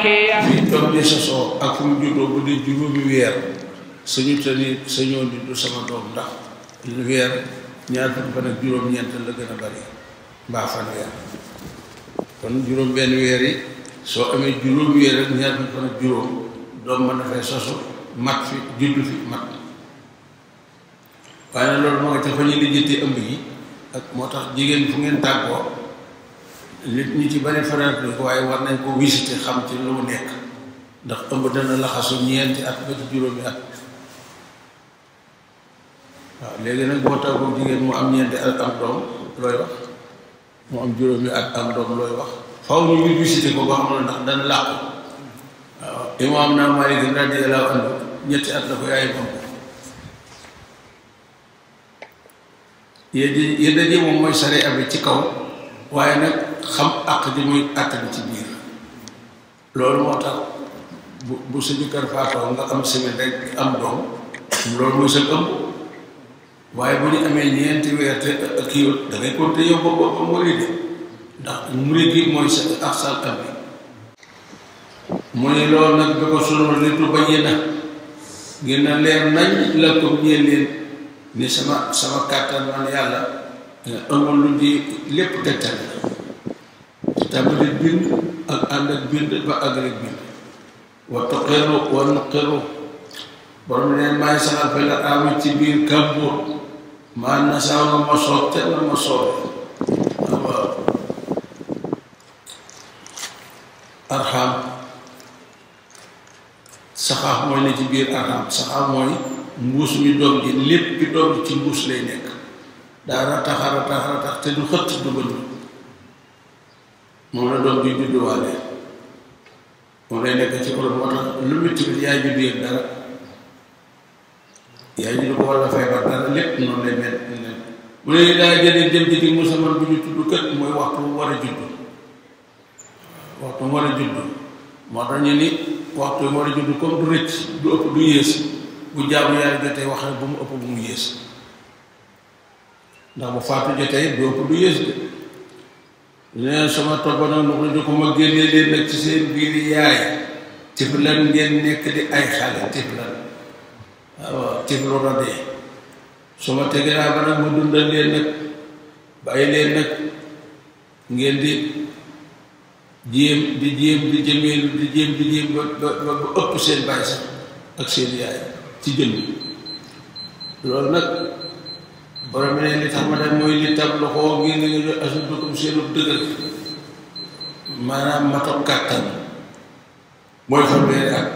fii doom di sosoo ak fu mu juddoo bu dee juróomi weer suñu tëni sama doom ndax weer ñaar fukki fan ak juróom-ñeent la gën bari mbaa fan weer kon juróom benn weer yi soo amee juróomi weer ak ñaar fukki fan ak juróom doom mën na fay mat fi fi mat ëmb yi ak moo tax jigéen fu ngeen tàggoo nit ñi ci bari faral ko waaye war nañ ko visiter xam ci lu mu nekk ndax ëmb dana laxasu ñeenti ak ba juróomi at waaw léegi nag boo tàggoo jigéen mu am ñeenti at am doom looy wax mu am juróomi at am doom looy wax faw ñu ngi visiter ko ba xam ne ndax dana làqu waaw am naa Maalik radiyallaahu anhu ñetti at la ko yaay bam yi daje moom mooy sariya bi ci kaw waaye nag xam àq ji muy àtt bi ci biir loolu moo tax bu bu suñu kër nga am semaine rek am doom loolu mooy sa ëmb waaye bu ñu amee ñeenti weer te kii da ngay compter yow ba ba murid ndax murid gi mooy sa ak sa mu ne loolu nag bi ko sunu nitu bañee na ngir na leer nañ la ko ñeel leen ni sama sama kata man yàlla amul lu di lépp gàttal ci tàmbali bin ak ànd ak ba àggal ak bind wa taqiru wa nuqiru borom ne ma sama fe la am ci biir kàmbur maa nasaaw na ma sotte la ma soobee waaw arxam saxaax ne ci bir arham sahah moy mbuus ñu doom ji lépp ci doom ji ci mbuus lay nekk daa ratax a ratax ratax te du xëtt dugal ñu moom la doom bi juddu waale moom lay nekk ci xol moo tax lu métti bi yaay juddu biir dara yaay juddu ko wala feebar dara lépp noonu lay mel mu ne da jëlee jëm ci dig Moussa man bu ñu tudd kët mooy waxtu mu war a juddu waxtu mu war a juddu moo tax ñu ni waxtu mu war a juddu comme du rëcc du ëpp du yées bu jaamu yàlla jotee wax bu mu ëpp bu mu yées ndax bu faatu jotee du ëpp du yées de neen sama togg nag nu ko ko ma génnee leen nag ci seen biir yaay tiflan ngeen nekk di ay xale tiflan waaw tiflu radee su ma tegee naa ba nag ma dundal leen nag bàyyi leen nag ngeen di jéem di jéem di jëmee di jéem di jéem ba ba ba ëpp seen bàyyi sax ak seen yaay ci jënd loolu nag borom ne li tax ma dem mooy li tab loxo ngir nga ñu asuddukum seenu dëgër maanaam ma toog kàttan mooy fan weeri at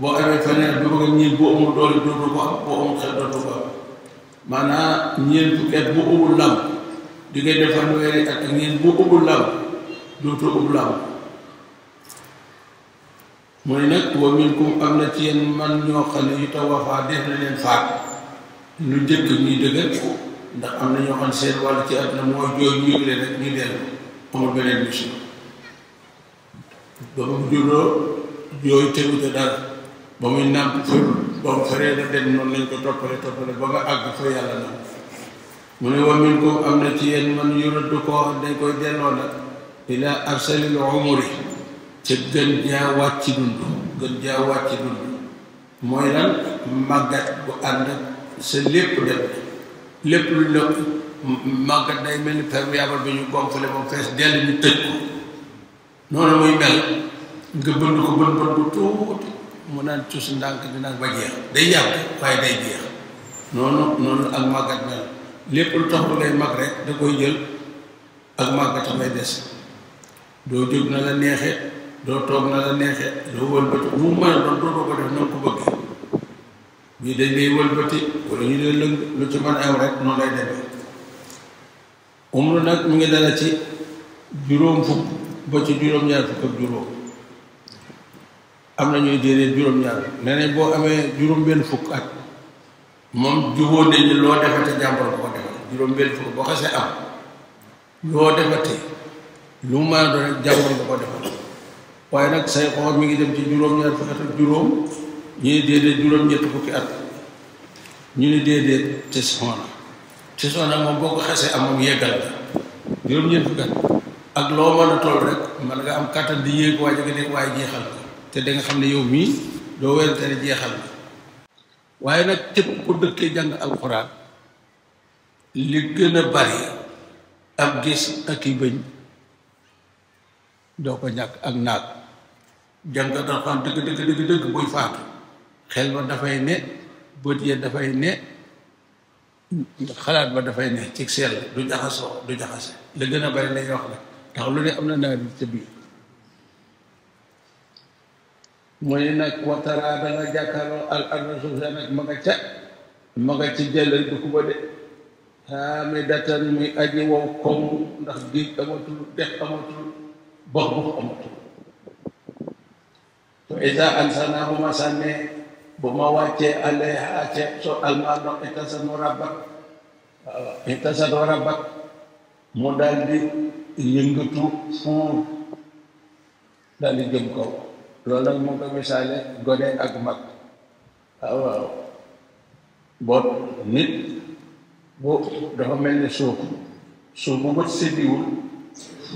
boo amee fanweer bi bëgg ñii bu amul doole dootu ko am boo amul xel dootu ko am maanaam ñeent fukki bu amul lam di ngay def fanweeri at ak ñeent bu amul lam dootu amul lam mu ne nag wa minkum am na ci yenn man ñoo xam ne yu tawafaa def na leen faat lu njëkk ñuy dëgër ndax am na ñoo xam ne seen wàll ci àdduna mooy jooy ñu leen rek ñu dellu amul beneen mission ba mu juddoo jooy tegu te dara ba muy nàmp ba mu feree la dem noonu lañ ko toppale toppale ba nga àgg fa yàlla na mu ne wa minkum am na ci yéen man yuraddu koo xam dañ koy delloo nag ilaa arsalil umri te gën jaawaat ci dund gën jaawaat ci dund mooy lan màggat bu ànd sa lépp dem lépp lu nekk màggat day mel ni perméable bi ñu gonflé ba fees dell ñu tëj ko noonu muy mel nga bënd ko bën bën bu tuuti mu naan cus ndànk di nag ba jeex day jeex noonu noonu ak màggat mel lépp lu tax lu lay mag rek da koy jël ak màggat a may des doo jóg na la neexee doo toog na la neexee doo wëlbati mu mën a doon doo ko def noonu ko bëgg ñii dañ lay wëlbati wala ñu lay lëng lu ci mën aw rek noonu lay demee umru nag mu ngi dala ci juróom fukk ci juróom am na ñuy déedéet juróom-ñaar boo amee juróom moom jubóo nañu loo defate jàmbur ko defal am loo defate lu mu mën a doon jàmbur ko defal waaye nag say xoor mi ngi dem ci juróom-ñaar fukki at ak juróom ñu ne déedéet juróom-ñett fukki at ñu ni déedéet tisxoona tisxoona moom boo ko xasee am moom yeggal la juróom-ñett fukki ak loo mën a toll rek man nga am kàttan di yéeg waaye nga jeexal ko te danga xam ne yow mii doo werante ne jeexal la waaye nag képp ku dëkkee jàng alxuraan li gën a bari ak gis ak i bëñ doo ko ñàkk ak naag jàngat alxuraan dëgg dëgg dëgg dëgg buy faatu xel ba dafay ne bët ya dafay ne xalaat ba dafay ne ci sell du jaxasoo du jaxase la gën a bari lañuy wax la ndax lu ne am na naa bi ca biir mu ne nag waxtaraa da nga jàkkaarloo al arda suuf sa nag ma nga ca ma ci jëlal du kuba de xaame datan muy aji wow koom ndax géej amatul dex amatul box box amatul Ita ansana humasane bumawace aleha ce so almanok ita sanurabak ita rabak modal di yenggutu fu dali gemko mo muka misale gode agmak awa bot nit bo bu dahomene suku bo bot sidiu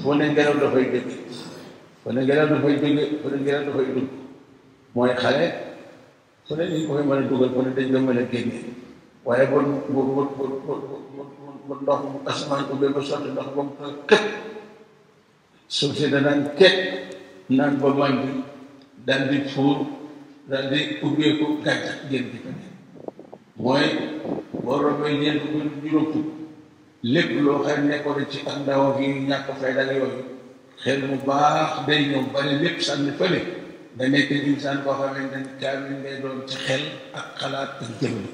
bonenggara dahoi gitu bonenggara dahoi gitu bonenggara dahoi gitu mone xale ku ne ñu koy mën a dugal ku ne dañ la mën a génne waaye bu bu bu bu bu bu ndox di fuur daal di ubbeeku gàncax génn di ko ne mooy boo robee ñeent bu juróom lépp loo xam nekkoon ci ak ndaw ak yi ñàkk da nekk insaan boo xam ne kaamil ngay doon ci xel ak xalaat ak jëmm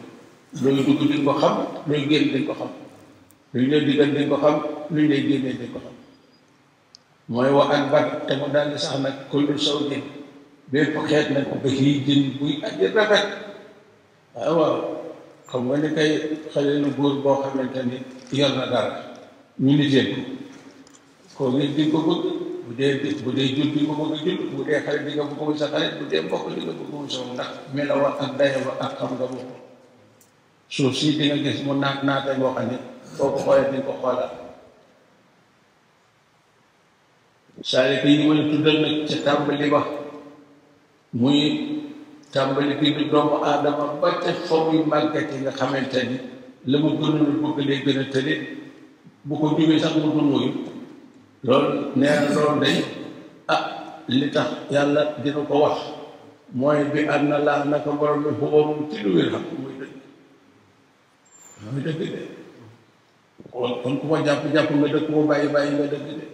loolu dugg di ko xam loolu génn di ko xam luñ lay digal di nga ko xam luñ mooy wa an te mu daal sax nag kullu saw din bépp xeet nag ba yi jën buy aji rafet waaw xam nga ni kay xale lu góor boo xamante ni yor na dara ñu ni ko koo ngi di ko bëgg bu dee bu dee jul bi nga bëgg a bu dee xarit bi nga bëgg muy sa xarit bu dee mbokk bi nga bëgg muy sa ndax melawal ak dayawal ak xam nga boobu suuf si di nga gis mu naat naate boo xam ne boo ko xoolee di ko ba muy tàmbali bi du nga xamante ni la mu gënoon bëgg lay gën a tële bu ko jógee sax mu dund loolu nee na loolu day ah, li tax yàlla dina ko wax mooy bi am na laa naka borom bi xubarum ci lu wér xam muy dëgg muy de kon ku ma jàpp-jàpp nga dëgg ku ma bàyyi bàyyi nga dëgg de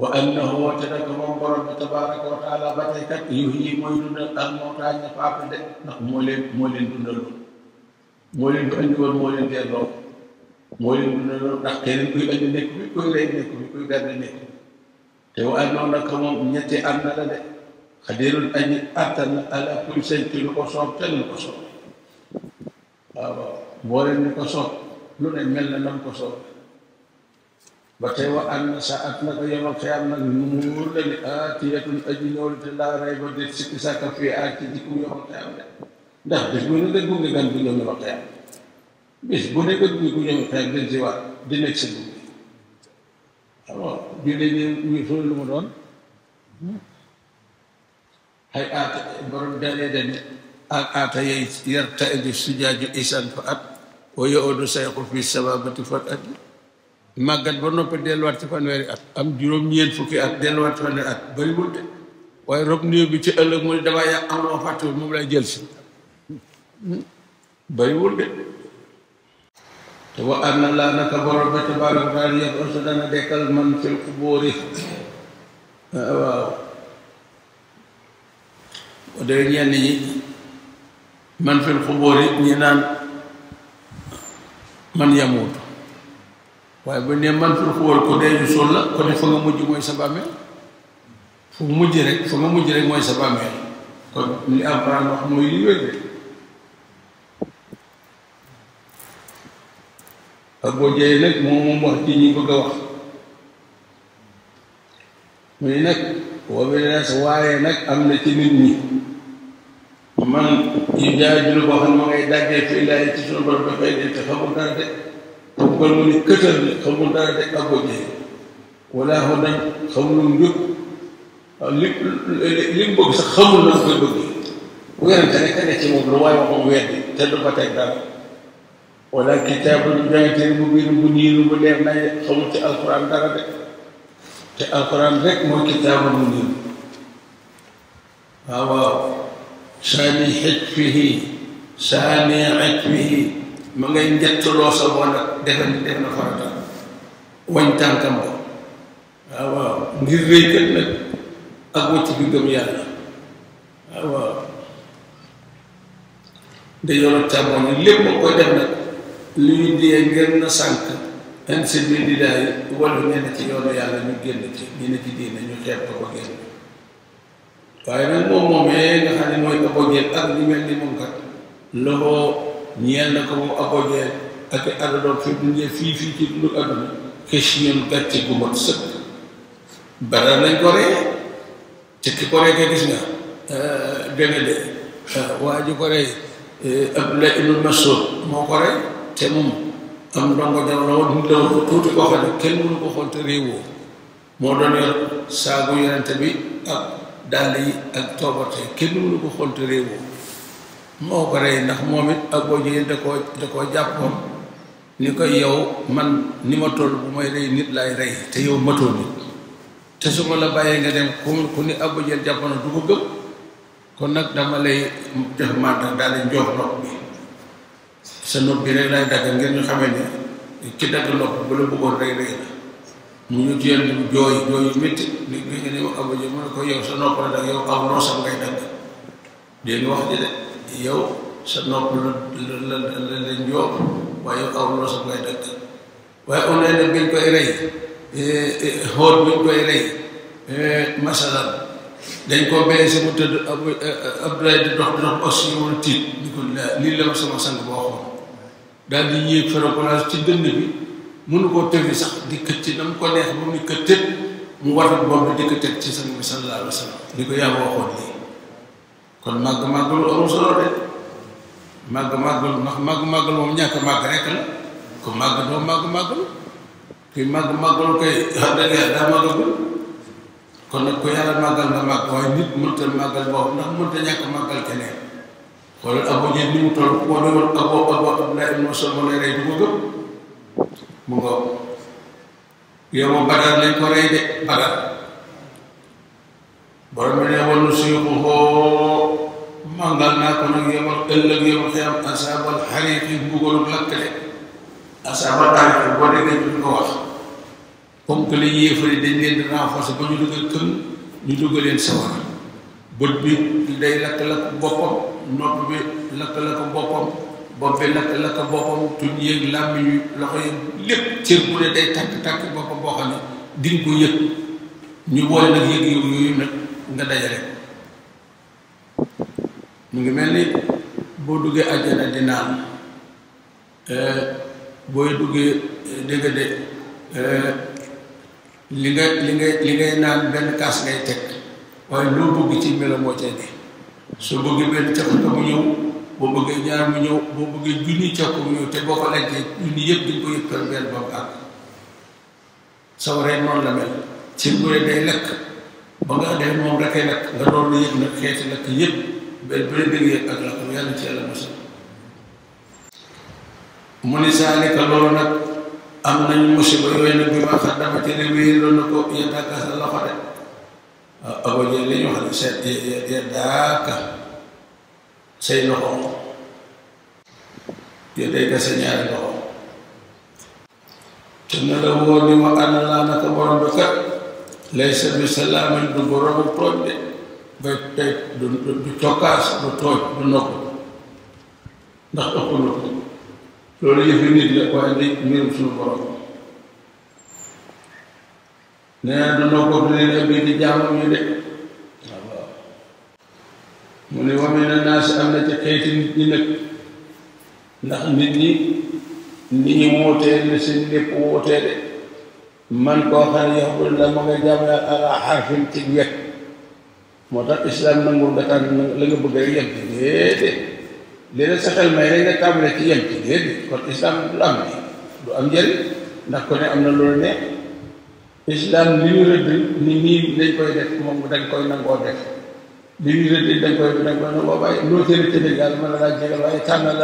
wa annahu te nag moom borom bi wa taala ba tey kat yuhyi mooy dundal al mawtaa faatu de ndax moo leen moo leen dundal loolu moo leen ko andi woon moo leen dundal loolu ndax keneen kuy bañ a nekk bi kuy rey nekk bi kuy garde nekk bi te wa annoon naka moom ñetti am na la de xadirul añi attan ala kuy sëñ ci lu ko soob te lu ko soob waaw waaw boo leen ni ko soob lu ne mel na nam ko soob ba tey wa ann sa at naka yomal xiyam nag nu mu wóor la ni aatiyatun ah, aji ñëwlu te laa rey ba dét sikki sàkka fii aar ci jikku yomal xiyam de ndax def mu ne dëggu nga gan bi ñëw yomal xiyam bis bu nekk dugg ku ñëw xeex gën si waat di nekk si dugg alors julli ñu doon hay aata borom dalee dane ak yay yarta edi sujaaju isan fa at wa yoodu sayqu fi sababati fat at màggat ba noppi delluwaat ci fanweeri at am juróom-ñeent fukki at delluwaat ci fanweeri at bëriwul de waaye rob néew bi ci ëllëg mu ne damaa yàq am loo fàttewul moom lay jël si bëriwul de te wa anna laa naka borom ba tabaaraka taala yab'asu dana dekkal man fil qubuuri waaw bu dee ñenn ñi man fil qubuuri ñi naan man yamuut waaye bu ne man fil qubuuri ko dee ñu suul la ko ne fa nga mujj mooy sa bàmmeel fu mujj rek fa nga mujj rek mooy sa bàmmeel kon li Alxuraan wax mooy li wér de ak boo jëyee nag moom moom wax ci ñi bëgg a wax muy nag wabinees waaye nag am na ci nit ñi man yu jaay julu xam ma ngay daggee fii laay ci sunu borom dafay def te xamul dara de ni këtër la xamul dara de ak boo jëyee wala xaw nañ xamul njub li li mu bëgg sax xamul na mu koy bëgg wérante ne ka ne ci moom lu waaye waxam weddi te du ko teg dara wala kitaabun jàngteel bu biir bu niiru bu leer nañ xamul ci alquran dara de te alquran rek mooy kitaabun bu niiru waaw waaw saani xej fihi saani xej fihi ma ngay njettaloo sa bon nag defe ni def na farata wañ tànkam ko waaw waaw ngir réykat nag ak wacc bi gëm yàlla waaw waaw da yoroon càmmoñ lépp ma koy def nag li ñu dee ngir na sànq an si bi di daay walu ne na ci yoonu yàlla ñu génn ci ñu ci diine ñu xeeb ko ba génn waaye nag moom moomee nga xam ne mooy abojeel ak li mel ni moom kat loxoo ñeel ko moom abojeel ak i àdduna fi dundee fii fii ci dundu àdduna xis ñun gàcce gu mat sëkk nañ ko ree te ki ko ree gis nga euh, danga de euh, ji ko rey euh, Abdullah ibn Mas'ud moo ko rey te moom am ndongo jara la woon nit la woon tuuti koo xam ne kenn mënu ko xool réewoo moo doon yor saagu yonente bi ak dàll yi ak toobarte kenn mënu ko xool réewoo moo ko rey ndax moom it ak boo jëyee da koo da koo jàppoon ni ko yow man ni ma toll bu may rey nit laay rey te yow matoo nit te su ma la bàyyee nga dem ku ku ni Abu Jahl jàppoon du ko gëm kon nag dama lay jox mandat daal di jox ndox bi sa nopp bi rek lay dagal ngir ñu xamé ni ci dag nopp bu la bëggoon rek rek la mu ñu jël jooy joy joy metti ni nga wax abu jëm na ko yow sa nopp la dag yow abu rosam ngay dagg ñu wax di de yow sa nopp la la la la njóob way yow aw rosam ngay dag way on lay def biñ koy rey hoor eh, eh, bu ko rey eh, masalan dañ ko mu abou abdoulaye dox dox aussi ni ko li la sama sang bo daal di yéeg ferakolage ci dënd bi mënu koo tëgg sax di këtt ci dama ko neex ba mu ko tëj mu waral bopp di ko ci sang bi sallallahu alayhi ni ko yaa waxoon lii kon màgg màggalu amul solo de màgg màggalu ndax màgg ñàkk màgg rek la màgg màgg màggalu kon nag ko yàlla màggal waaye nit mënta màggal boobu ndax mënta ñàkk màggal keneen xoolal Abu Jahl ni mu toll boo demoon ak boo ak boo Abdullah ibn Mas'ud mu ma Badar lañ ko rey de Badar borom bi ne woon na suñu ko xoo màngal naa ko nag yow ak ëllëg yow ak xiyam asaabal xariq yi buggoon ko wax comme que li yéefari dañ leen di ba ñu dugal këm ñu dugal leen sawar bët bi day lakk-lakk boppam. nopp bi lakk-lakk boppam bopp bi lakk-lakk boppam tuñ yëg làmmiñ yu loxo yëg lépp cër bu ne day takk-takk boppam boo xam ne diñ yëg ñu boole nag yëg yow yooyu nag nga dajale mu ngi mel ni boo duggee àjjana di naan eh, booy duggee eh, dégg de eh, li nga li ngay li ngay naan benn kaas ngay teg waaye loo bëgg ci melo moo cay ne soo bëggee benn càkkuta mu ñëw boo bëggee ñaar mu ñëw boo bëggee junni càkku mu ñëw te boo ko lekkee junni yëpp di ko yëkkal benn ba mu àgg sawaree noonu la mel ci bu day lekk ba nga dee moom rek ay nga doon lu yëg xeeti lekk yëpp benn bu dee dëggee ak la ko yàlla ci yàlla mosal mu ni saalika loolu nag am nañu musiba yooyu nag bi ma xaddama te ne wéy loolu na ko yàlla ak sa loxo de Abu Jahal ñu xam ne seet ya ya daaka say loxo ya day gase ñaari loxo te na la wóor ni ma ànd naa naka borom bi kat lay sa bi salaaman du borom tooj de bay tey du du tokkaas du nee na danoo ko leen ëbbee di jaamu ñu de mu ne wamee na naa si ci xeeti nit ñi nag ndax nit ñi ni ne seen de man la ma nga ala ci islam nangul nga tànn la nga bëgg a yem ci déedéet sa xel may nga ci kon islam du am du am njëriñ ndax ko ne islam li ñu rëdd ni nii lañ koy def moom dañ koy nangoo def li ñu rëdd dañ koy dañ koy nangoo waaye loo tëri Sénégal mën na laa jégal waaye tànn def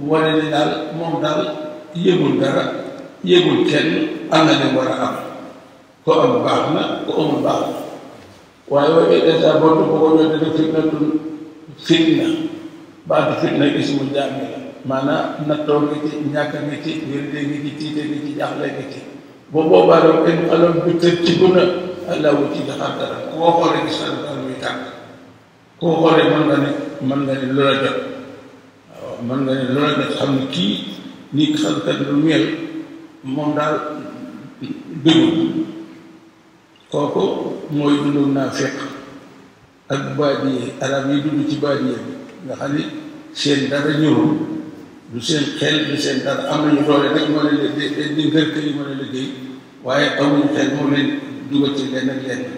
ma at moom daal yëgul dara yëgul kenn am na leen war a am ko am baax na ko amul baax na waaye waaye dèjà boo ko ko wér dina fitna tun fitna baatu fitna ismu jaam la maanaam nattoo nga ci ñàkk nga ci wérdee nga ci ci jaaxle nga ci bu boobaa doon ci guna allahu ci defar dara koo xoolee gis na dara muy tàkk koo mën nga ne mën nga ne loola jot waaw mën nga ne loola jot xam ne kii nii xalkat lu mel moom daal bëggul kooku mooy dundu naa fekk ak baadiyee arab yi dund ci baadiyee bi nga xam ni seen dara ñëwul lu seen xel du seen dara am nañu doole rek moo leen liggéey di waaye amuñu xel ci lenn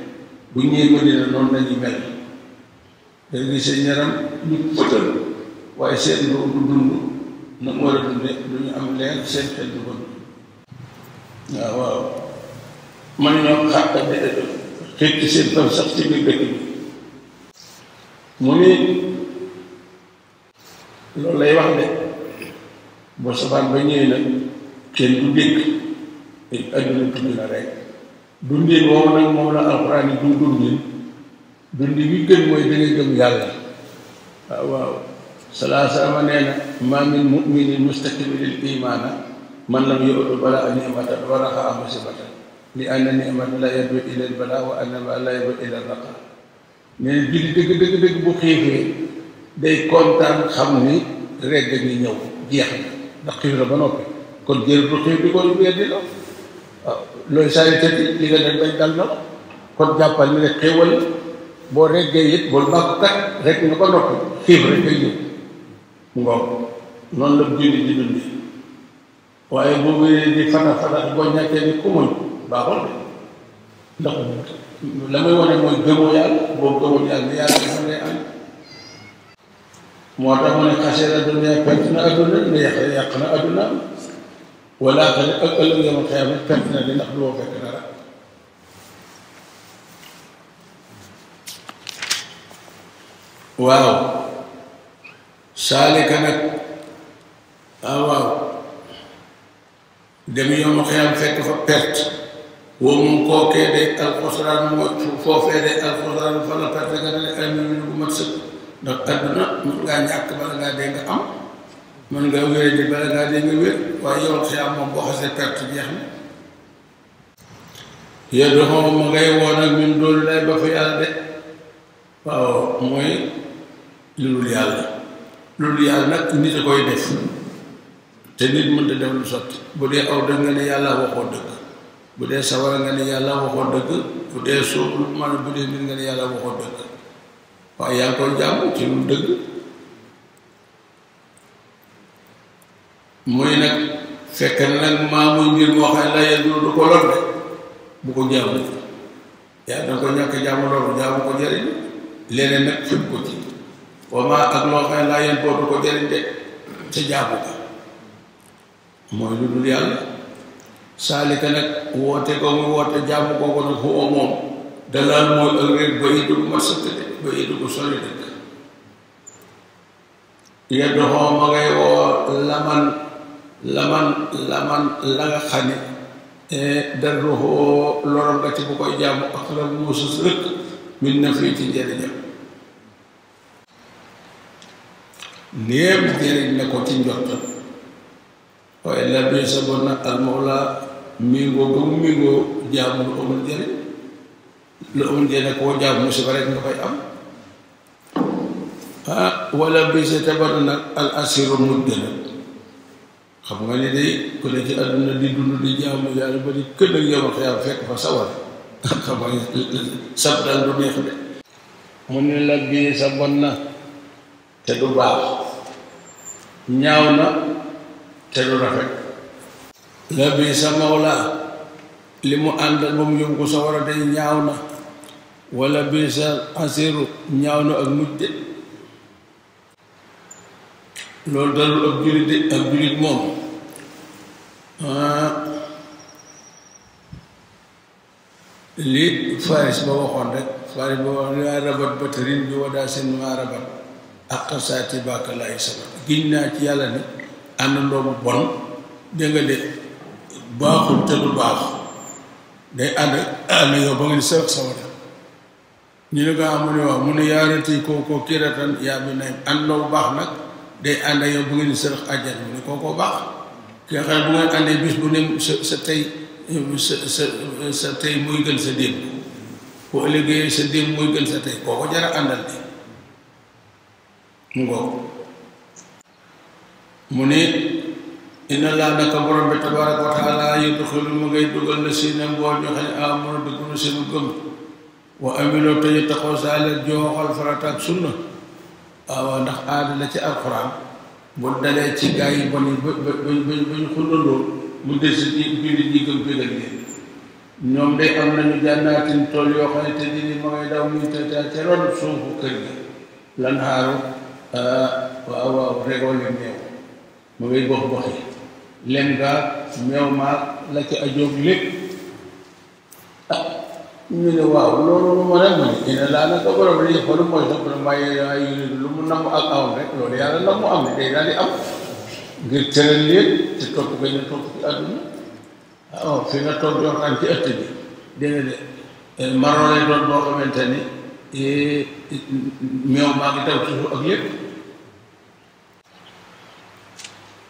bu seen yaram ñu fëtal waaye seen loolu du dund na mu war dunde du ñu am leer seen xel du waaw waaw man ñoom xàq bi da doon seen fan sax ci biir mu ni loolu lay wax de boo sabaan ba ñëwee nag kenn du dégg ay adduna tudd la rek dundin woowu nag moom la alxuraan yi du dundin dundi bi gën mooy da yàlla waaw waaw salaasama nee na maa min muminin imaana man lam yu'ud balaa ni'matan wa raxaa musibatan li anna ni'matan la yaddu ila al balaa wa anna balaa la yaddu ila al raxaa nee na julli dëgg dëgg dëgg bu xiifee day kontaan xam ni rek dañuy ñëw jeex na ndax xiif la ba noppi kon jël bu xiif di ko weddi la waaw looy saari tëddi li nga def bañ dal na la jàppal ni rek xéewal boo reggee it bul bàkku kat rek nga ko noppi xiif rek day ñëw noonu la julli di waaye boobu di fata fata boo ñàkkee ni ku muñ baaxul de ndax la muy wane mooy gëmoo yàlla boo gëmul yàlla ni yàlla dafa lay am moo tax mu ne xasee adduna perte na adduna ne yàq yàq na adduna wala ak ëllëg yomal xeer na perte na di ndax du woo fekk dara waaw saalika nag ah waaw dem yoonu xeyam fekk fa perte woo moom kookee day alxosraan mooy foofee day alxosraan fa la perte nga ne ay million bu mat sëkk ndax àdduna mën ngaa ñàkk bala ngaa dee nga am mën ngaa wér di bala ngaa dee nga wér waaye yoonu xeyam moom boo perte jeex na yooyu doxam ma ngay woon ak ñun doolu lay ba fa yàlla de waaw mooy lu dul yàlla lu dul yàlla nag nit a koy def te nit mënta def lu sotti bu dee aw da ne yàlla waxoo dëgg bu dee sawara nga ne yàlla waxoo dëgg bu dee suuf lu man bu dee nit nga ne yàlla waxoo dëgg waaye yaa ngi koy ñàkk jaamu loolu jaamu ko jëriñ leneen nag fim ko ci wa ak loo xam ne laa yéen boobu ko jëriñ de ca jaamu ko moy lu dul yalla salika nak wote ko mu wote jàmm ko ko nag ho mom dalal moy ak réer ba yidu bu mat de ba yidu ko sori ya do ho ma ngay wo laman laman laman la nga e eh, ne darru ho lorom ga ci bu koy jàmm ak la mu sus rëkk min na fii ci njëriñam néem jëriñ na ko ci njottam wa illaa bi saboon nag al mawla mingoo ba mu mingoo jaamu lu amul njëriñ lu amul njëriñ koo jaamu musiba rek nga koy am ah wala tabar nag al asiru mujj la xam nga ne day ku ne di dund di jaamu yàlla ba di kën ak yow ak yàlla fekk fa sawar xam nga sab daal du neex de mu ne la sa bon na te du baax ñaaw na te lu rafet la bi sa mawlaa li mu àndal moom yóbbu ko sa war a day ñaaw na walla bi sa asiru ñaaw na ak mujj de loolu dalul ak jullit de ak jullit moom ah. li faris ba waxoon rek faris ba wax laa rabat batarin bi wadaa seen maa rabat ak saati bàkk laay sabat giñ naa ci yàlla ni àndandoo bu bon dégg nga de baaxul te baax day ànd ah, yow ba nga di sëq sawara ñu ne ko am ah, mu ne waaw mu ne yaarati kookoo kiratan yaa bi nay àndandoo bu baax nag day ànd yow ba nga di sëq àjjana mu ne kookoo baax ki nga xam ne bu ngeen àndee bis bu ne sa sa tey sa sa sa tey muy gën sa démb bu ëllëgee sa démb muy gën sa tey kooko jara àndal de mu ngoog mu ne inna laa naka borom bi tabaraka wa taala ngay dugal na si ne mbool ñu xëy amuna dugg na seen gëm wa amiloo te ñu taxaw saa leen joxal farata sunna waaw ndax aada la ci alxuraan bu dalee ci gaa yi bon yi ba tool yoo xam ne mu ngay gox gox yi meew maag la ci ajoog lépp ah ñu ne waaw loolu lu ma rek ma ne laa nag ko borom li lu mu namm ak aw rek loolu yàlla na mu am ne day daal di am ngir tëral leen te topp ga ñu topp ci àdduna waaw ah, fi nga toog yoo xam ci ëtt bi dégg nga de eh, maroo lay doon boo xamante ni eh, meew maa ngi suuf ak lépp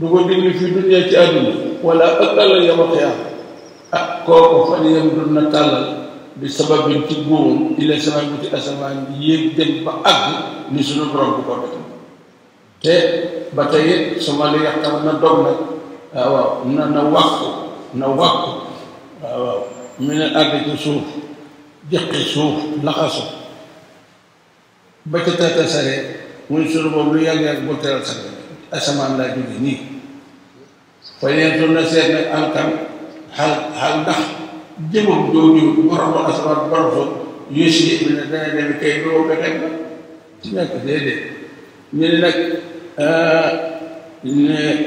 du ko digli fi dunya ci aduna wala akala yawma qiyam ak koko fa yam dun na tal bi sabab bi ci goom ila sabab ci asaman yeg dem ba ag ni sunu borom ko def te batay sama li nga xam na dog na ah wa na na wax na wax ah wa min ag ci suuf jëqi suuf laxasu ba ca tata sare muy sunu borom lu yag yag bu teral sare asaman la jogi ni fa yentu na seet nag am kan xal xal ndax jëmam ba asamaan borom fa yéesi mi ne dana dem kay doo ko teg la nekk déedéet ñu ne nag euh,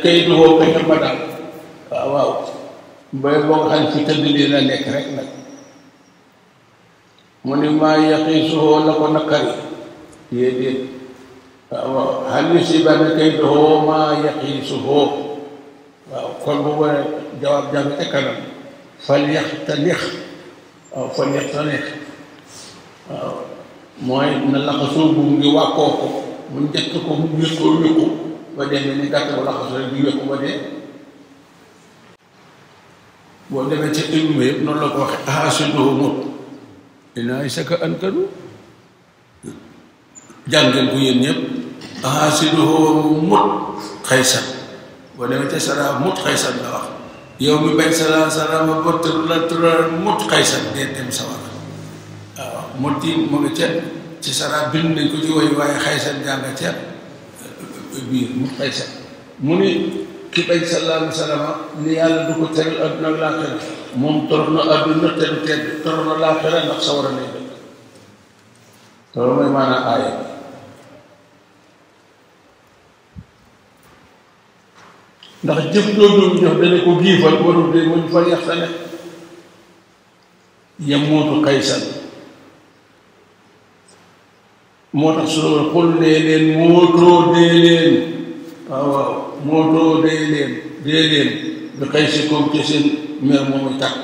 kay doo ko teg ma daal waaw waaw mbay boo nga xam ci tëdd mu ne maa yaqi suhoo la ko nakkari déedéet waaw waaw xam ni si benn kay doo maa yaqi suhoo waaw kon bu boobaa jawaab jàng ekkanam fal yaxtanix waaw fal yaxtanix waaw mooy na laxasoo bu mu ngi wàkkoo ko mu njëkk ko mu wékkoo wékku ba dee mel ni gàtt bu laxasoo rek ba dee boo demee ci ilmu yëpp noonu la ko waxee ahasiduhum inaysaka an kanu jàngeen ko yéen ñëpp ahasiduhum xaysan boo demee ca sara mut xaysan la wax yow mi bañ sara sara ba bott la tura mut xaysan dee dem sawara waaw mut yi mu ngi ca ci sara bind nañ ko ci woyu waaye xaysan jàng ca euh, euh, biir mut xaysan mu ni ki bañ sallallahu alayhi wa ni yàlla du ko teral adduna ak laaxira ndax sawara lay dëkk loolu mooy maanaam aaya ndax jëf jooju jox dana ko giifal warul de wañ fa yaxsane yamootu xaysan moo tax su doon xul dee leen mootoo dee leen waaw waaw mootoo dee leen dee leen bi xëy si koom ci seen mer moomu tàkk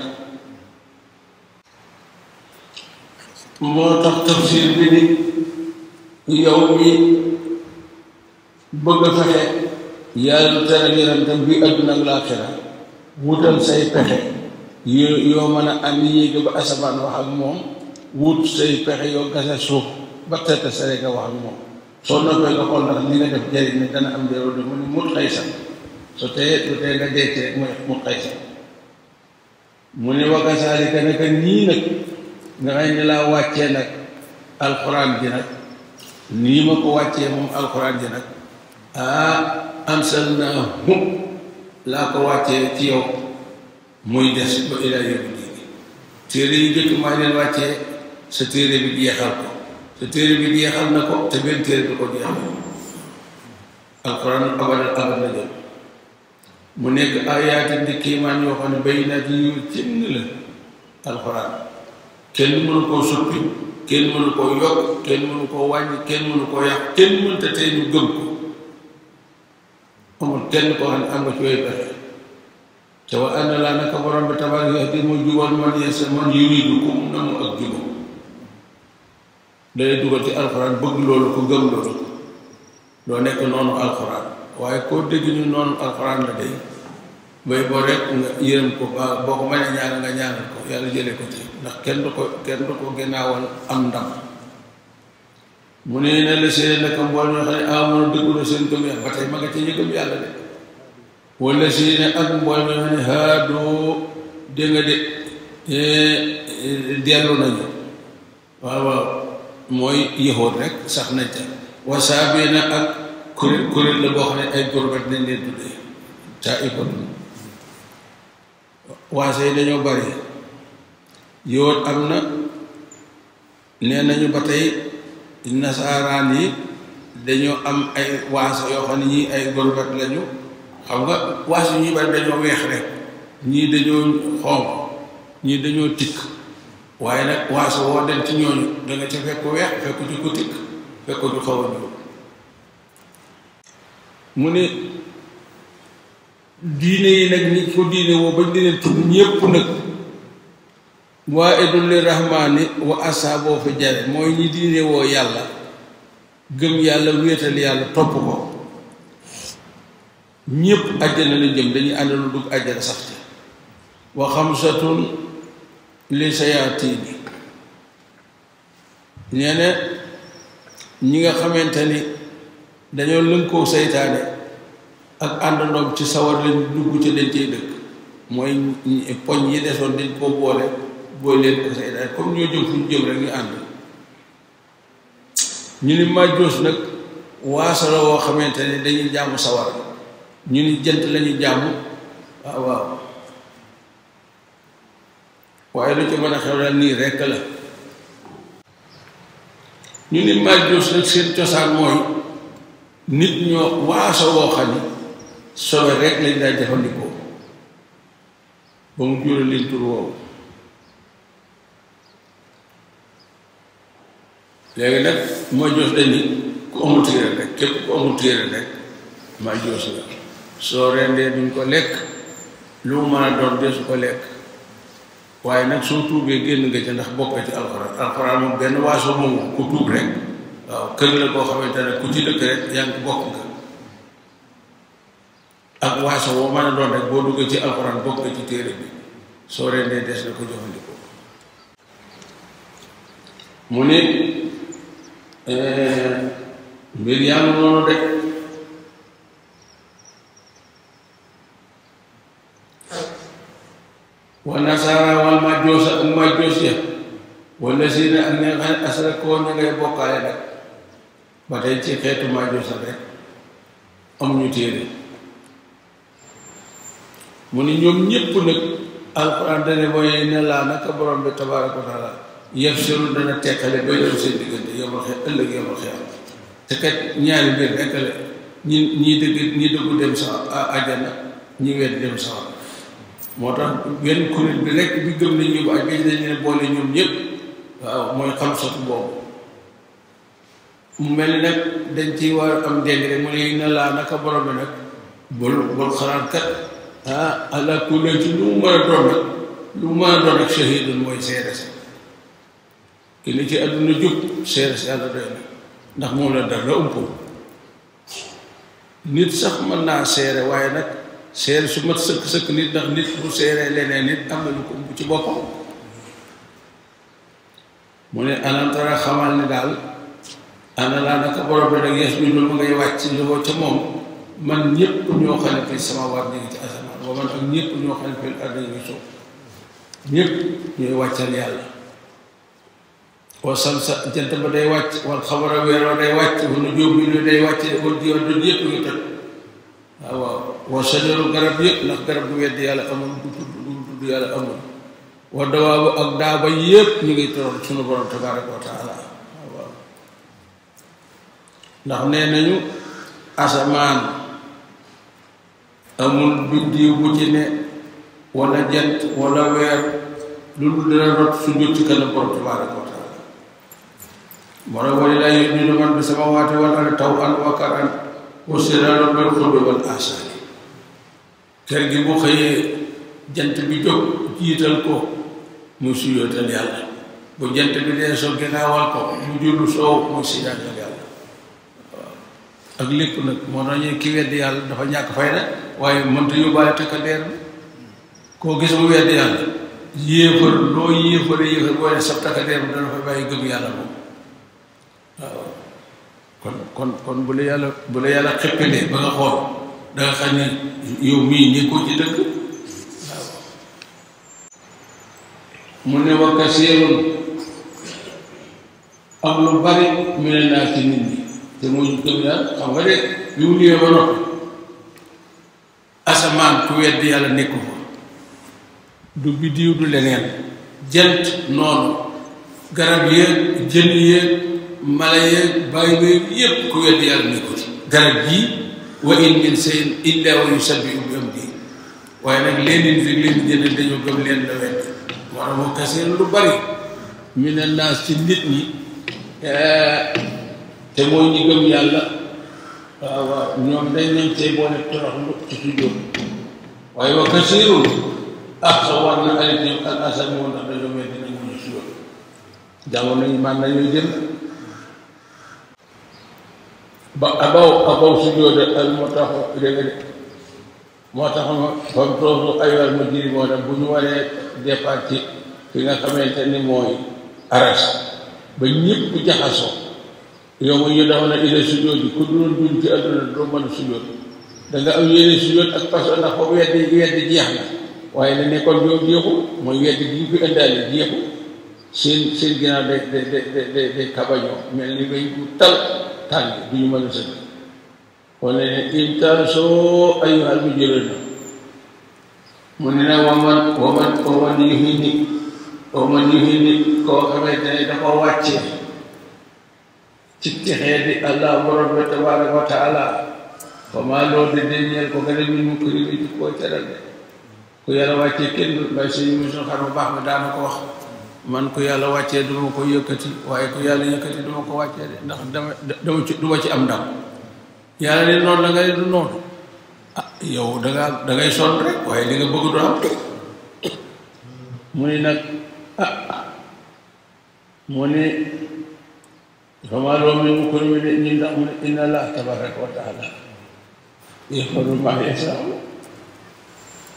moo tax tafsir bi ni yow mi bëgg a fexe yàlla dana yonentam bi àdduna ak laaxira wutal say pexe yoo yoo mën a am yéeg ba asamaan wax moom wut say pexe yoo gase suuf ba tëdd sa rek a moom soo ne dana am déroul mu ne mut xëy nii nag nga xam ne laa wàccee nag alxuraan ji nag nii ma ko wàccee moom alxuraan ji nag ah anzalnaahum laa ko wàccee ci yow muy des ba ilaa yawmi diin téere yu jëkk maa leen wàccee sa téere bi jeexal ko sa téere bi jeexal na ko te benn téere bi ko jeexal alquran abadan abadan la jot mu nekk ayaati di kiimaan yoo xam ne bayinaat yi ñu cënn la alxuraan kenn mënu koo suppi kenn mënu koo yokk kenn mënu koo wàññi kenn mënu koo yàq kenn mënta tey ñu gëm ko amul kenn koo xam am nga ci yooyu pexe te wa anna laa naka borom bi tabaaraka wa ta'aala mooy jubal man yees man yuridu ku mu ak jubam dalay dugal ci alxuraan bëgg loolu ko gëm loolu doo nekk noonu alxuraan waaye koo dégg ni noonu alxuraan la day bay boo rek nga yërëm ko ba boo ko mënee ñaan nga ñaanal ko yàlla jëlee ko ci ndax kenn du ko kenn du ko gannaawal am ndam mu ne ne la see naka mbool ñoo ne amoon ah dëggu seen gëm ba tey ma nga ca ñu gëm yàlla de wala si ne ak mbool ñoo ne haadoo dégg de eh, dellu nañu waaw waaw mooy yëxoot rek sax nañ ca wasaabee na ak kuréel kuréel la boo xam ne ay gurbat nañ leen tuddee taa ibatun waase yi dañoo bari yoon am na nee nañu ba tey nasaraan yi dañoo am ay waaso yoo xam ne ñii ay golbat lañu xam nga waaso ñuy bari dañoo weex rek ñii dañoo xonq ñii dañoo tikk waaye nag waaso woo dem ci ñooñu danga ca fekk weex fekk ci ku tikk fekk ci xaw mu ne diine yi nag ñi ko diine woo bañ di leen ñépp nag waidun li rahmaani wa asa boo fi mooy ñi diine yàlla gëm yàlla wéetal yàlla topp ko ñépp àjjana la jëm dañuy ànd lu dugg àjjana sax ci wa xamsatun li sayaatini nee na ñi nga xamante ni dañoo lënkoo seytaane ak àndandoom ci sawar lañ dugg ci dañ cey dëkk mooy poñ yi desoon dañ koo boole booy leen ko say daay comme ñoo jëm ñu jëm rek ñu ànd ñu ni majjoos nag waaso la woo xamante ne dañuy jàmm sawar ñu ni jant lañu jàmm ah, waaw waaye lu ci mën a xew la nii rekk la ñu ni majjoos nag seen cosaan mooy nit ñoo waaso woo xam ni sobe rek lañ daa jëfandikoo ba mu jural leen tur woowu léegi nag mooy joos dañ ni ku amul téere rek képp ku amul téere rek ma joos la soo rendee duñ ko lekk lu mu mën a doon deesu ko lekk waaye nag soo tuubee génn nga ca ndax bokkee ci alxuraan alxuraan benn waaso moomu ku tuub waaw kër la koo xamante ne ku ci dëkk rek bokk nga ak waaso boo man a doon rek boo duggee ci alxuraan bokk ci téere bi soo rendee des na ko jëfandikoo mu ne Eh, mbir yàlla noonu de wa nasaara wal majjoos ya wala si ne ak ñi nga asrakoo ñu ngay bokkaale nag ba tey ci xeetu majjoos ak rek amuñu téere mu ne ñoom ñépp nag alxuraan dane mooy ne laa naka borom bi tabaaraka wa taala yëpp selu dana tekkale bay doon seen diggante yomal xe ëllëg yomal xe te kat ñaari mbir rekk la ñi ñi dëgg ñi dëggu dem sa àjjana ñi wet dem sa moo tax benn kuréel bi rekk bi gëm nañ yóbbu ak bi dañu ne waaw mooy xam sotu boobu mu mel ni nag dañ ci war am dégg rek mu ne na laa naka borom nag bul bul xalaat kat ah ala lu mu mën a lu mu mën a doon ak shahidun mooy seede sax ki li ci àdduna jóg seere si yàlla doy na ndax moom la dara umpul nit sax mën naa seere waaye nag seere su mat sëkk-sëkk nit ndax nit bu seeree leneen nit am na lu ko ump ci boppam mu ne anam dara xamal ni daal ana laa naka borom bi bi lu ma ngay wàcc njuboo ca moom man ñëpp ñoo xam ne sama war ñu ngi ci asamaan ba man ak ñëpp ñoo xam ne fii arda ñu ngi suuf ñëpp ñooy wàccal yàlla wa samsa jant ba day wacc wal khabara wero day wacc wal joom bi lu day wacc wal di yoddu yep ngi tak wa wa shajaru garab yep na garab bu wedd yalla amul du tuddu du yalla amul wa dawabu ak daba yep ñi ngi toor ci lu borom tabaraka taala wa ndax ne nañu asaman amul bidi bu ci ne wala jant wala wer lu dul dara rot suñu ci kanam borom tabaraka taala moro walillahi yuminu man bi samawati wal ardi taw'an wa karhan wa sirran bil qurbi wal ahsani kër gi bu xëyee jant bi jóg jiital ko mu suyootal yàlla bu jant bi dee so ginnaawal ko mu jullu soow mu siyaatal yàlla ak lépp nag moo tax ñu ki weddi yàlla dafa ñàkk fayda waaye mënta yóbbaale takkandeer bi koo gis mu weddi yàlla yéefar loo yéefare yéefar boo ne sab takkandeer bi dana fa bàyyi gëm yàlla moom waaw kon kon kon bu la yàlla bu la yàlla xëppalee ba nga xool da xam ne yow mii nekkoo ci dëkk waaw mu ne wa kasiirun am lu bari mu ne naa ci nit ñi te mooy gëm daal xam nga de bi mu ñëwee ba noppi asamaan ku wedd yàlla nekku ko du biddiw du leneen jant noonu garab yéeg jën yéeg mala yeeg bàyyi béy yépp ku wedd yàlla nekku ci garab gii waaye nag leneen fi leen jënd dañoo gëm leen la wedd maanaam moo kaseen lu bari min annaas ci nit ñi eh, te mooy ñi gëm yàlla waaw waaw ñoom dañ nañ tey boole torox lu ci sujjóot waaye wa kasirun ah sa war na alit al asam woon ndax dañoo mel dinañ mën a sujjóot jàngoon nañu man nañoo ba abaw abaw sujjóoda al moo tax dégg nga de moo tax ma fam toosu bu ñu waree départ ci fi nga xamante ni mooy aras ba ñëpp jaxasoo yow ma ñu daw na ila sujjóod ku dul dul ci àdduna doo mën a sujjóod am yéene sujjóod ak façon ndax foofu weddi weddi jeex na waaye la nekkoon yow jeexul mooy weddi gi ñu fi indaale jeexul seen seen ginnaaw day day day day kabañoo mel ni bay bu tal tàng duñu mën a sëgg kon ne imtaazoo ayyuhal mujrimuun mu ne na waman waman waman yuhini waman yuhini koo xamante ne dafa wàcce ci texee di allah borom bi tabaaraka wa taala famaa loolu de deñeel ko gën a min mukrimiin ci koo teral ku yàlla wàcce kenn du may suñu mission xam baax ma daan ko wax man ko yalla wacce duma ko yëkkati waaye ko yalla yëkkati duma ko wacce de ndax dama ci duma ci am ndam yalla ne non la ngay du noonu ah yow da nga da ngay son rek waaye li nga bëgg do am mu ni nag ah, ah. mu ni mi mu mi ne ñi inna la tabarak wa taala yafalu ma yasaa waaw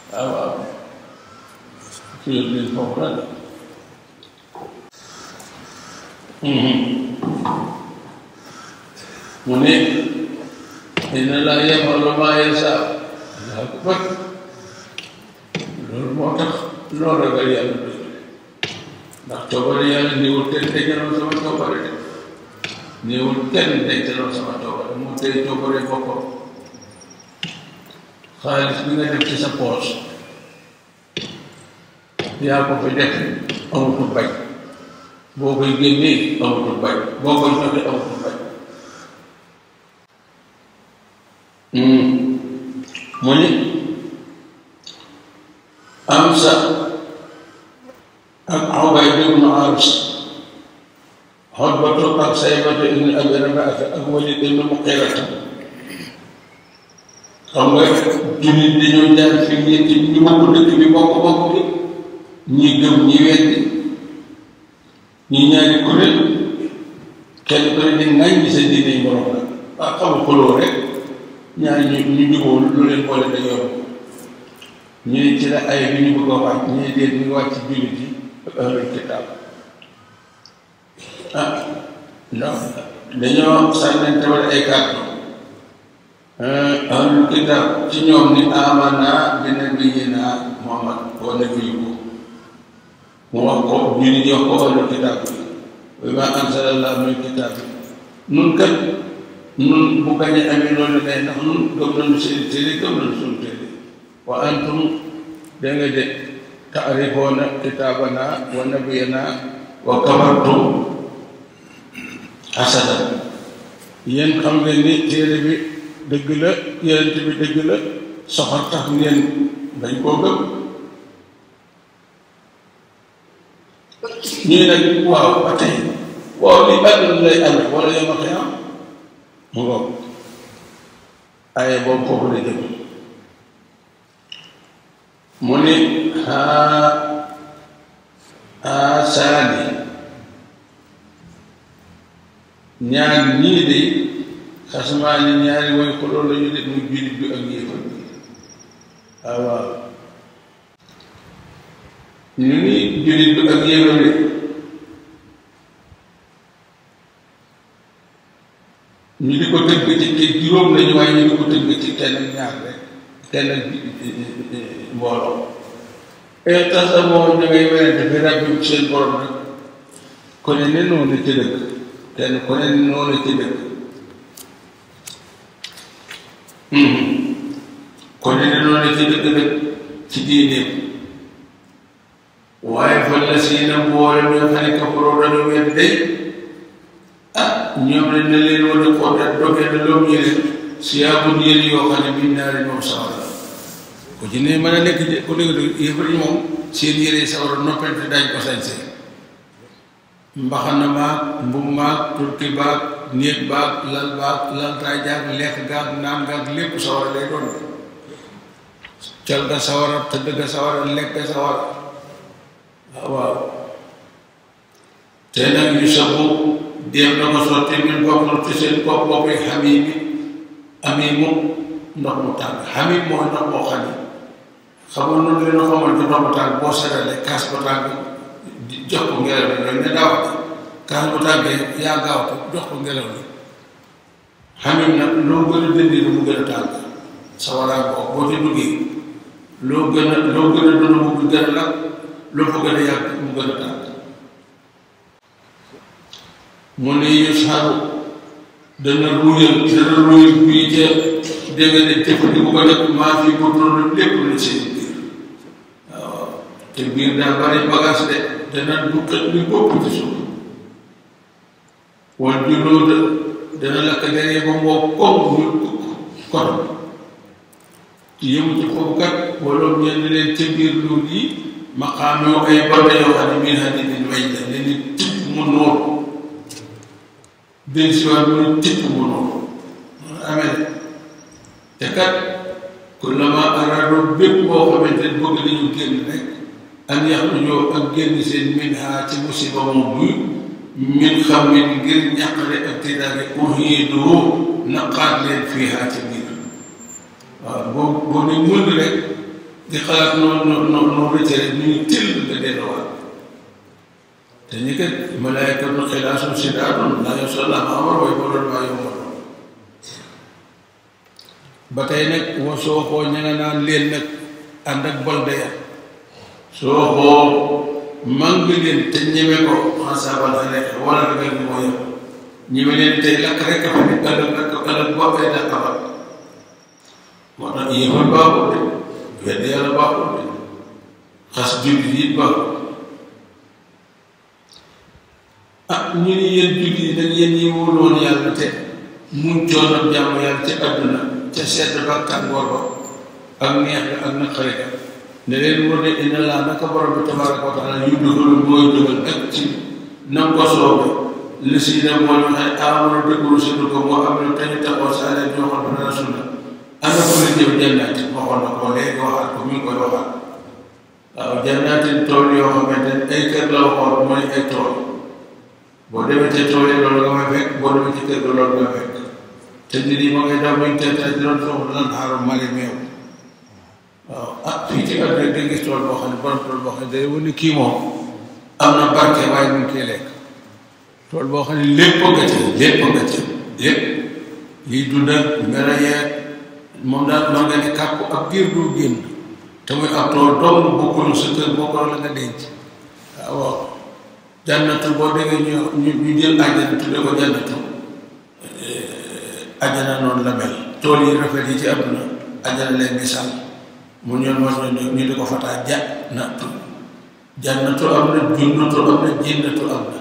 waaw ci la foofu la mu ne inna laa yafalu maa yasaa Allaahu akbar loolu moo tax loo ragal yàlla dëgg ndax toobare yàlla néewul kenn dencaloon sama toobare de néewul kenn dencaloon sama toobare mu tey toobare boppam xaalis bi nga def ci sa poos yaa ko fi def ko bañ boo koy génnee amatul bañ boo koy joxe amatul bañ mu ne amsa ak ubayd ibnu aams xotbatu ak saybatu ibnu abi rabaata ak walid ibnu muqirata xam nga jullit dañoo jaar fi ñetti ñu bokk dëkk bi bokk bokk bi ñi gëm ñi weddi ak xamu xuloo rek ñaari ñu ñu jubóo lu leen boole da yor ñu ci la ay bi ñu bëgg a wàcc ñu ne ñu wàcc jullit yi ahlul kitaab ah non dañoo sànnante wala ay kàddu ah, ahlul kitaab ci ñoom ni amana bi nabiyyina Muhammad wa nabiyyihi mu wax ko ñu ni jox ko ahlul kitaab bi wa maa anzala Allaahu min kitaab bi nun kat nun bu bañ a amee loolu day ndax nun gëm nañu seen téere gëm nañu suñu téere wa antum da de taarifoona kitaabanaa wa nabiyanaa wa kabartum xasada yéen xam ngeen ni téere bi waaw ba tey lay amee wala yow ma xëy mu ngoog aaya boobu foofu la jëm mu ni haa haa saani ñaar ñii de xasmaani ñaari way ko loolu la ñu mu jullit bi ak yéefar ah, waaw ñu ni jullit bi ak yéefar bi ñu di ko tënk ci te juróom lañu waaye ñu di ko tënk ci kenn ñaar rek kenn mbooloo et eh, tasawoo ñu ngay werante bi rab bi seen borom rek ku ne noonu ci dëkk ku ne noonu ci hmm. ku ne noonu ci dëkk dëkk waaye fa la si na mboolem ñoo xam ne kafaroo day ñoom ne leen war a koo def doge na loolu yële si yaakul yële yoo xam ne biñ naa leen moom sawara ku ci ne mën a nekk de ku nekk yëfar yi moom seen yëre sawara noppal te daañ ko sañse mbaxana maag mbub maag turki baag néeg baag lal baag laltaay jaag lekk gaag naan gaag lépp sawara lay doon cal ga sawara tëdd ga sawara lekk ga sawara waaw te nag yu sabu déem na ko sotti min bokkul ci seen bopp boppi xamim bi amimu ndox mu tàng xamim mooy ndox moo xam ne xamoon nañ leen xamal ci ndox mu tàng boo seddalee kaas bu tàng jox ko ngelaw li loolu nag loo gën a dindi lu mu gën a tàng sa walaay boo boo ci duggee loo gën a loo gën a dund mu gën a lakk loo ko gën a yàgg mu gën a tàng mu ne yusharu dana ruuyal dana ruuyal kuy ca deme ne jëfandiku ko nag maa fi ko toll lépp la seen biir waaw te biir daa bari bagage de dana dukkat li bopp ci suuf wal julóo da dana lakk deree ba moo koom muy kon yëmu ci xob kat wala ñenn leen ca biir loolu yi maqaam yoo ay bande yoo xam ne e min hadidin wayda ne nit tib mu noonu benn si waat mu ne tipp mu noonu amee te kat ku la ma araado bépp boo xamante ne bëgg nañu génn rek am yax lu ñoo ak génn seen min haa ci musiba moom buy min xam ne ngir ñàqale ak tidaage uhiidoo naqaat leen fii haa ci biir waaw boo boo ne mën rek di xalaat noonu noonu noonu rëcc rek ñu ngi tëll nga delluwaat dañu kat malaayikatul xilaasun sidaatun laa yasallam amar way boroon maa yombal ba tey nag wa sooxoo ña nga naan leen nag ànd ak bolde ya sooxoo mang leen te ñeme ko xasaabal xaleex wala ragal bi moo yow ñeme leen tey lakk rek fa ni kalam lakk kalam boppee daqabal moo tax yéefal baaxul de wedd yàlla baaxul de xas jullit yi baaxul ah ñu ni yéen julli nag yéen ñi wóoloon yàlla te muñ coono jàmm yàlla ca àdduna ca sedd ba tàngoor ba ak neex bi ak naqare ga ne leen wër ne inna laa naka borom bi tabaraka wa taala yu dugalu mooy dugal ak ci nam ko soobe li si ne moo ñu xay aamanu dëggulu si du ko moo am ne tañu taxoon sa leen ñoo xam dana sunna ana ko la jëm jannaati waxoon na ko léegi waxaat ko mi ngi koy waxaat waaw jannaati tool yoo xamante ne ay kër la waxoon mooy boo demee ca tool loolu nga fay fekk boo demee ci kër ga loolu nga fekk te nit yi ma ah, nga gis tool boo xam ne borom tool boo xam ne day wane kii moom am na barke waaye duñ koy lekk tool boo xam ne lépp nga ci lépp nga ci lépp liy moom daal maa nga ne kàpp ab biir du génn te muy ab tool doomu bokkul sa kër bokkul la nga denc waaw. jannatu boo déggee ñu ñu jël àjjana tuddee ko jannatu eh, àjjana noonu la mel tool yi rafet yi ci àdduna àjjana leen misaal mu ñoon wax na ñu di ko fataa jannatu jannatu am am na jinnatu am na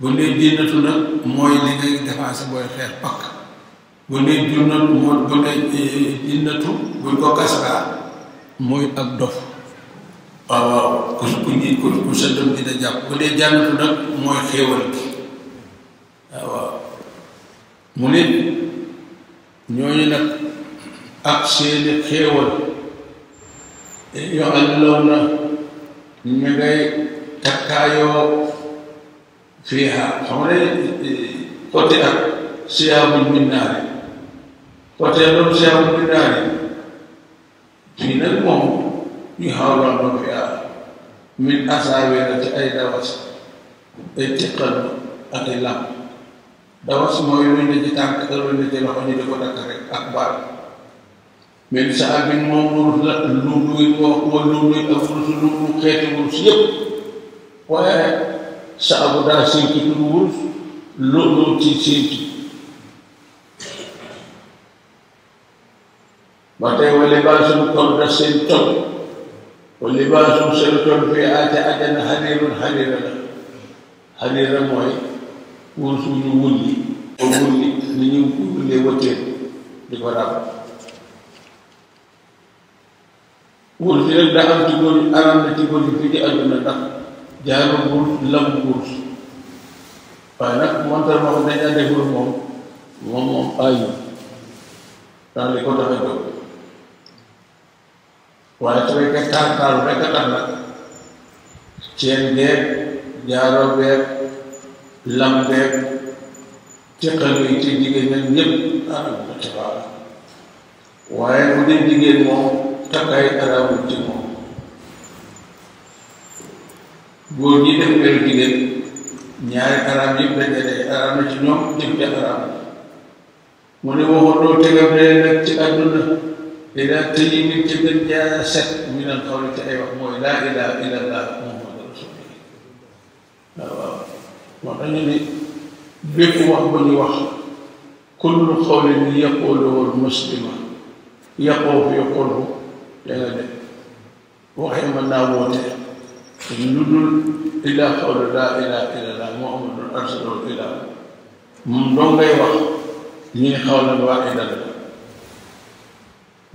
bu nee jinnatu nag mooy li ngay dépense booy xeex pakk bu nee junnatu moo bu nee eh, jinnatu buñ ko kaskaa ak dof waaw waaw ku ku ñi ku ku sa dëm dina jàpp bu dee jànnatu nag mooy xéewal gi waaw mu ne ñooñu nag ak seeni xéewal yoxal lool na ñu ngay takkaayoo fiiha xam ne e, côté ak siyaabuñ min naari côté loolu siyaabuñ min naari fii nag moom ni xawlal ma fi yàlla min asaawira te ay dawas ay tiqal ak ay làmp dawas mooy lu te ci tànk ak lu te ci loxo ñu di ko takk rek min saabin moom lu lulu lu lu wax ko lu lu ak lu lu lu xeeti wul si yëpp waaye saabu daa siñ ci واللباس سلط الفئات عدن حرير حرير la xariir la mooy wul suñu wulli ko wulli ni ñu wullee wëttéen di ko ràbb wul si nag daa am ci góor araam na ci góor fii ci àdduna ndax jaaru wul lam wul waaye nag montar moom dañ daan deful moom moom moom ayul ndax li ko tax a jóg Quattro che canta, lo che canta. Chain gap, narrow gap, lump gap, चकली थी दिगे में निप आरम बचवा वाय उदी दिगे मो टकाई तरा उच्ची मो गोजी तक पेड़ दिगे न्याय तरा जी पे दे दे तरा में चिनो दिव्य तरा मुने वो होटल टेक अपने लक्ष्य का दुनिया إلى تجي من جبل جاء شك من القول كأيوة لا إله إلا الله محمد رسول الله وأنني بقوة بني وخر كل قول يقوله المسلم يقول يقوله لأنه وحي من نابوته ندل إلى قول لا إله إلا الله محمد رسول الله من دون غير وخر من قول لا إلى إلا الله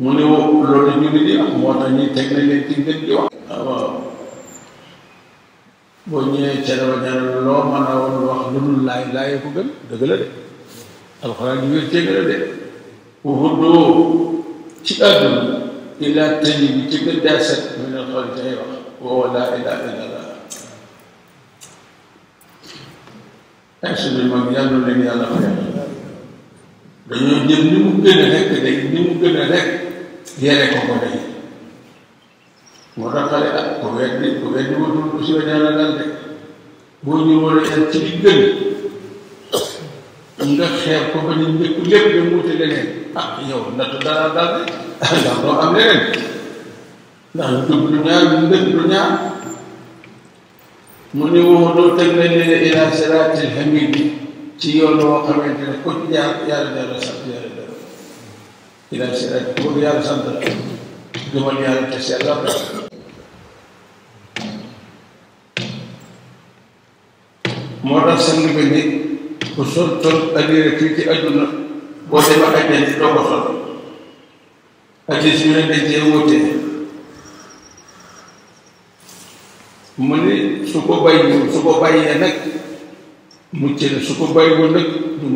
mu ne loolu ñu ngi di wax moo tax ñuy teg nañ leen ci ngeen ah, boo ñëwee cere ba ñaar loo mën a woon wax lu dul gën dëgg de alxuraan yu wér cëgg de wuxudoo ci àdduna ilaa tey bi ci gën daa set mu ne xool ci ay wax woowa laa ilaa illa laa ay suñu mag ni mu gën a rekk de ni mu gën a yéene ko ko dee moo tax xale ah ku weddi ku weddi wutul ku si wàññi la dal de boo ñu war a yàgg ci li gën nga xeer ko ba ñu njëkk lépp de wuute leneen ah yow nattu dara dal de ndax doo am leneen ndax dugg du ñaar ndëkk du ñaar mu ne woo doo teg nañ leen ila siraatil hamid ci yoon woo xamante ne ko ci jaar yàlla dara sant yàlla dara dinaa si rek bëgg yàlla sant la gëmal yàlla te sellal moo tax sang bi ni ku sol sol ak yére fii ci àdduna boo demee ak yéen doo ko sol ak yéen suñu dañ cee wóote mu ni su ko bàyyiwul su ko bàyyee nag mucc na su ko bàyyiwul nag du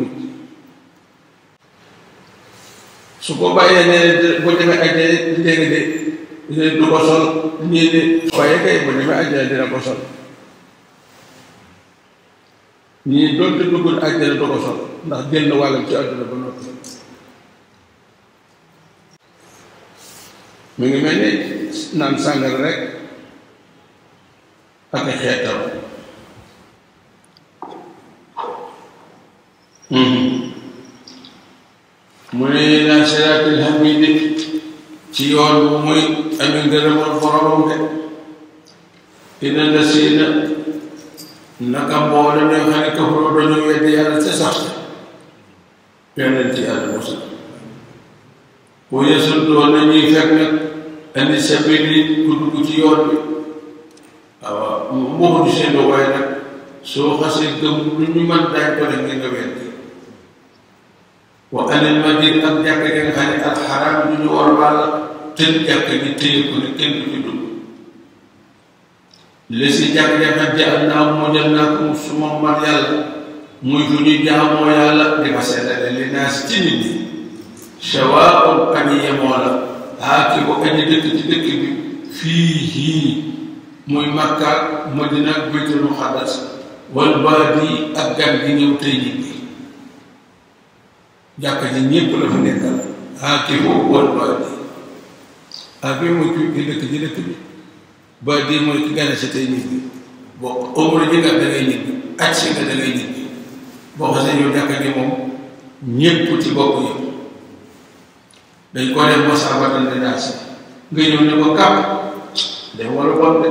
su ko bàyyee ne bu demee ak de de léegi nii ni waaye kay bu demee ak dina ko ñii doonte duggul ak de ndax génn wàllam ci àdduna ba noppi mu ngi mel ni naan sàngal rek ak xeetal mm-hmm. mu ne ila siraatil hamiid ci yoon bu muy amee ngërëmal boromam de inna lasiina naka mboole ne xam ne kafaroo dañu weddi yàlla ca sax yonent yi Yàlla Muusaa wa yasudduuna nañuy fekk nag ani sabiili ku dugg ci yoon bi waaw mboq du seen waaye nag soo xasee gëm lu ñu mën daay ko ne ngeen nga weddi lañ ma jékkal jàkk ja nga ne ak xaram ñu ñu war wàll tëj jàkk ji téye ko ne kenn du ci dugg li si jàkk ja nga jaal naa di ko seddale li naa si ci nit ñi shawaa'un añu yemoo la haaki ko añu dëkk ci dëkk makka madina baytul muqaddas wal baadi ak gan gi ñëw tey nit jàkka ji ñëpp la fa nekkal aakimu wal baadi aakim mooy ki dëkk ji dëkk bi baadi mooy ki gane si tey nit ñi boo omra ji nga da ngay nit ñi si nga da ngay nit ñi boo xasee ñëw jàkka ji moom ñëpp ci dañ ko def nga ñëw ne ko kàpp day wala bon de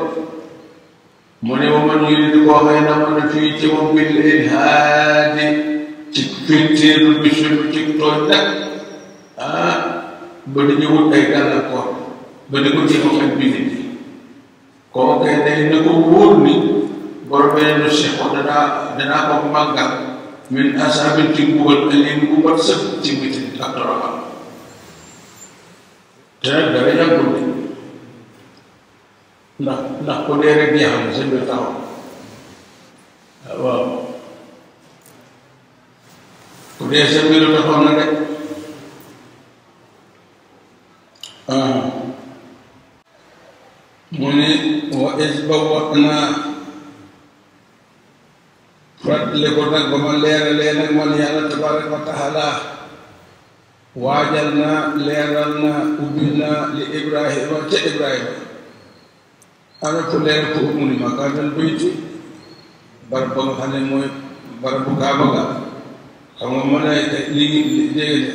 mu ne ma man ngi di ko waxee na man na fii ci moom bi leen haadi cictitil bisul cictoñ nak ah ba di ñewul ay galankor ba di ko ci wax ak bindi bi koo kay day na ko wóor ni borom beneen cheikh ko danaa danaa ko màggal min asabin ci ci bu dee seen mbiru taxoon na de ah mu ne wa is ba wax naa fàttali ko nag ba ma leeralee nag man yàlla tabaraka wa taala waajal naa leeral naa ubbi naa li Ibrahima ca Ibrahima ana ku leer ko mu ni ma kaanal bayti barab ba nga xam ne mooy barabu kaaba la xam nga mën naa li li dégg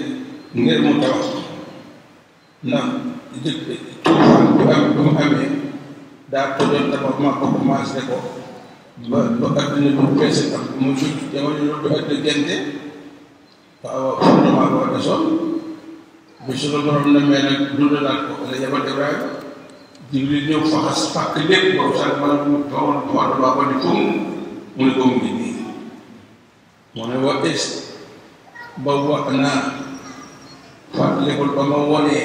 ngir mu taw ndax jë tuufaan amee daa tëjoon dafa ma ko commencé ko ba ba adduna bu peese tax mu jub jamono loolu du adduna gente waaw fondement boo desoon bu suñu borom na mee nag dundalaat ko la yabal Ibrahima Jibril ñëw faxas fàkk lépp boobu sax man mu tawoon xool waa di fum mu ne ko mu ngi ne wa ba wax naa fàttalikul ba ma wonee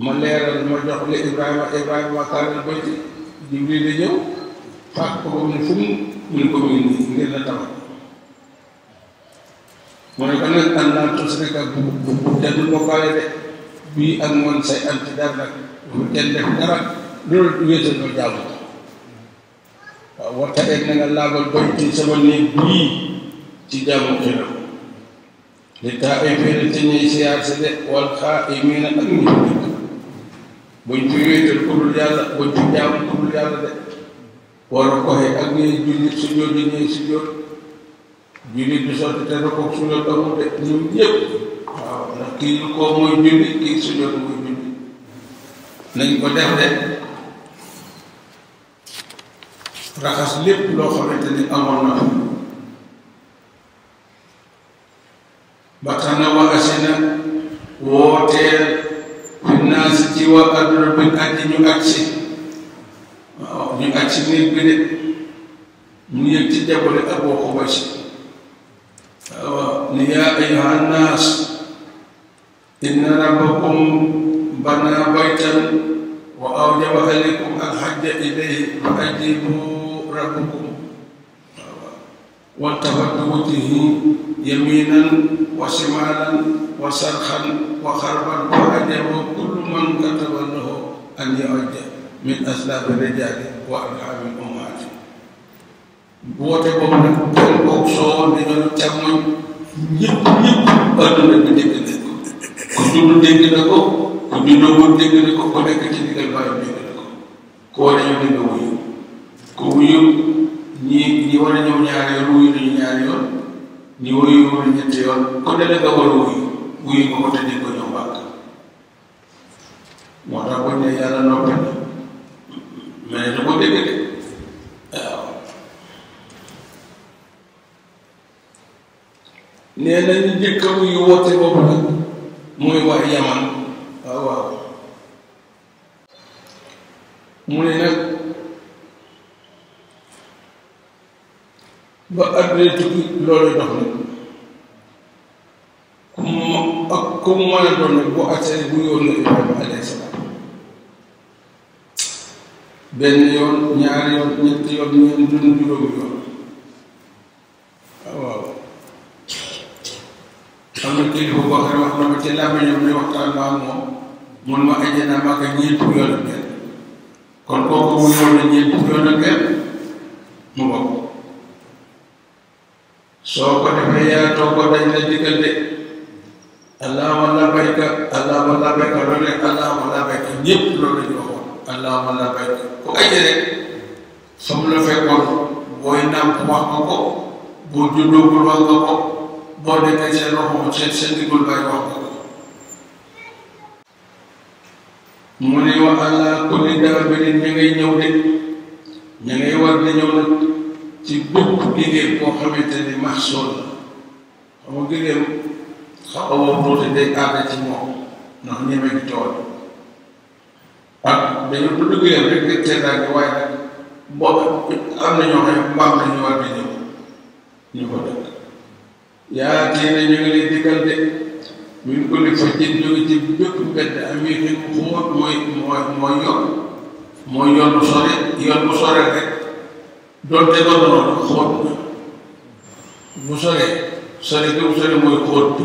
ma leeral ma jox li Ibrahima Ibrahima kaaral ba ci la ñëw fàtt wéetal ma jaamu waaw waxtaan ak na nga laabal ba sama néeg bii ci jaamu xelam li taa ay féer te ñuy siyaase de wal xaa ay miina ak ñi dëkk buñ ci wéetal ku dul yàlla buñ ci jaamu ku dul yàlla de war a koxe ak ñuy jullit si jóot di ñuy si jóot jullit bi sotti te rokkoog suñu doom de ñun ñëpp waaw kii lu ko mooy julli kii si jóot mooy julli nañ ko def de raxas lépp loo xamante ni amoon na bakana wa asina wooteel finnaasi ci wa aduna bin àjji ñu agsi waaw ñu agsi nit bi de ñu yëg ci jabale ak waaw ni ya ayuha nnaas inna rabbakum bana baytan wa awjaba alaykum alhajja ilayhi fa ajibu rabbakum والتبت وجهي يمينا وشمالا وشرخا وخربا وعجبا كل من كتب له ان يعجب من اسلاب الرجال والعاب الامهات woote boobu nag kenn kooku soo woon di doon càmmoñ ñëpp ñëpp àdduna bi dégg na ko ku dund dégg na ko ku dundoo woon dégg na ko ku nekk ci digal baayam dégg na ko ku war a yow dégg wuyu ku wuyu ñii ñi war a ñëw ñaari yoon wuyu nañu ñaari yoon ñi wuyu war a ñetti yoon ko dele nga war a wuyu wuyu nga ko tëddee ko ñëw bàkk moo tax ko ne yàlla noppi na mais da ko dégg de waaw nee na ñu njëkk a wuyu woote boobu nag muy yaman waaw mu ne nag ba àdduna tukki loolu dox na ku mu ak ku mu mën a doon nag bu agsee bu na Ibrahima alayhi salaam benn yoon ñaari yoon ñetti yoon ñeent yoon juróomi yoon waaw xam nga kilifa boo xam wax na ma ci laa ma ñëw ne waxtaan naa moom mun ma aje naa ma ko ñeent yoon ak benn kon kooku mu yoon na ñeent yoon ak benn mu bokk soo ko defee yaa toppoo dañ la digal de allahumma labbayka allahumma labbayka loolu rek allahumma labbayka loolu la ñu waxoon allahumma labbayka ku aje rek su mu la fekkoon booy nàmp wax nga ko boo juddoogul wax nga ko boo demee seen loxo seen seen digul bay wax nga ko mu ne wa allah kulli daabir ña ngay ñëw de ña ngay ci bépp génneem boo xamante ni maxsool la xam nga génneem xaw a woon tuuti day aada ci moom ndax ñeme gi tool ak dañu du duggee rek nga teddaange waaye nag boobu am na ñoo xam ne mbaam la ñu war di ñëw ñu ko dëkk yaa tey na ñu ngi leen digal de min kulli fajjin ñu ngi ci bépp mbedd amii xi xóot mooy mooy mooy yoon mooy yoon bu sore yoon bu sore rek doonte doon na noonu xóot na bu soree sori bi bu sori mooy xóot bi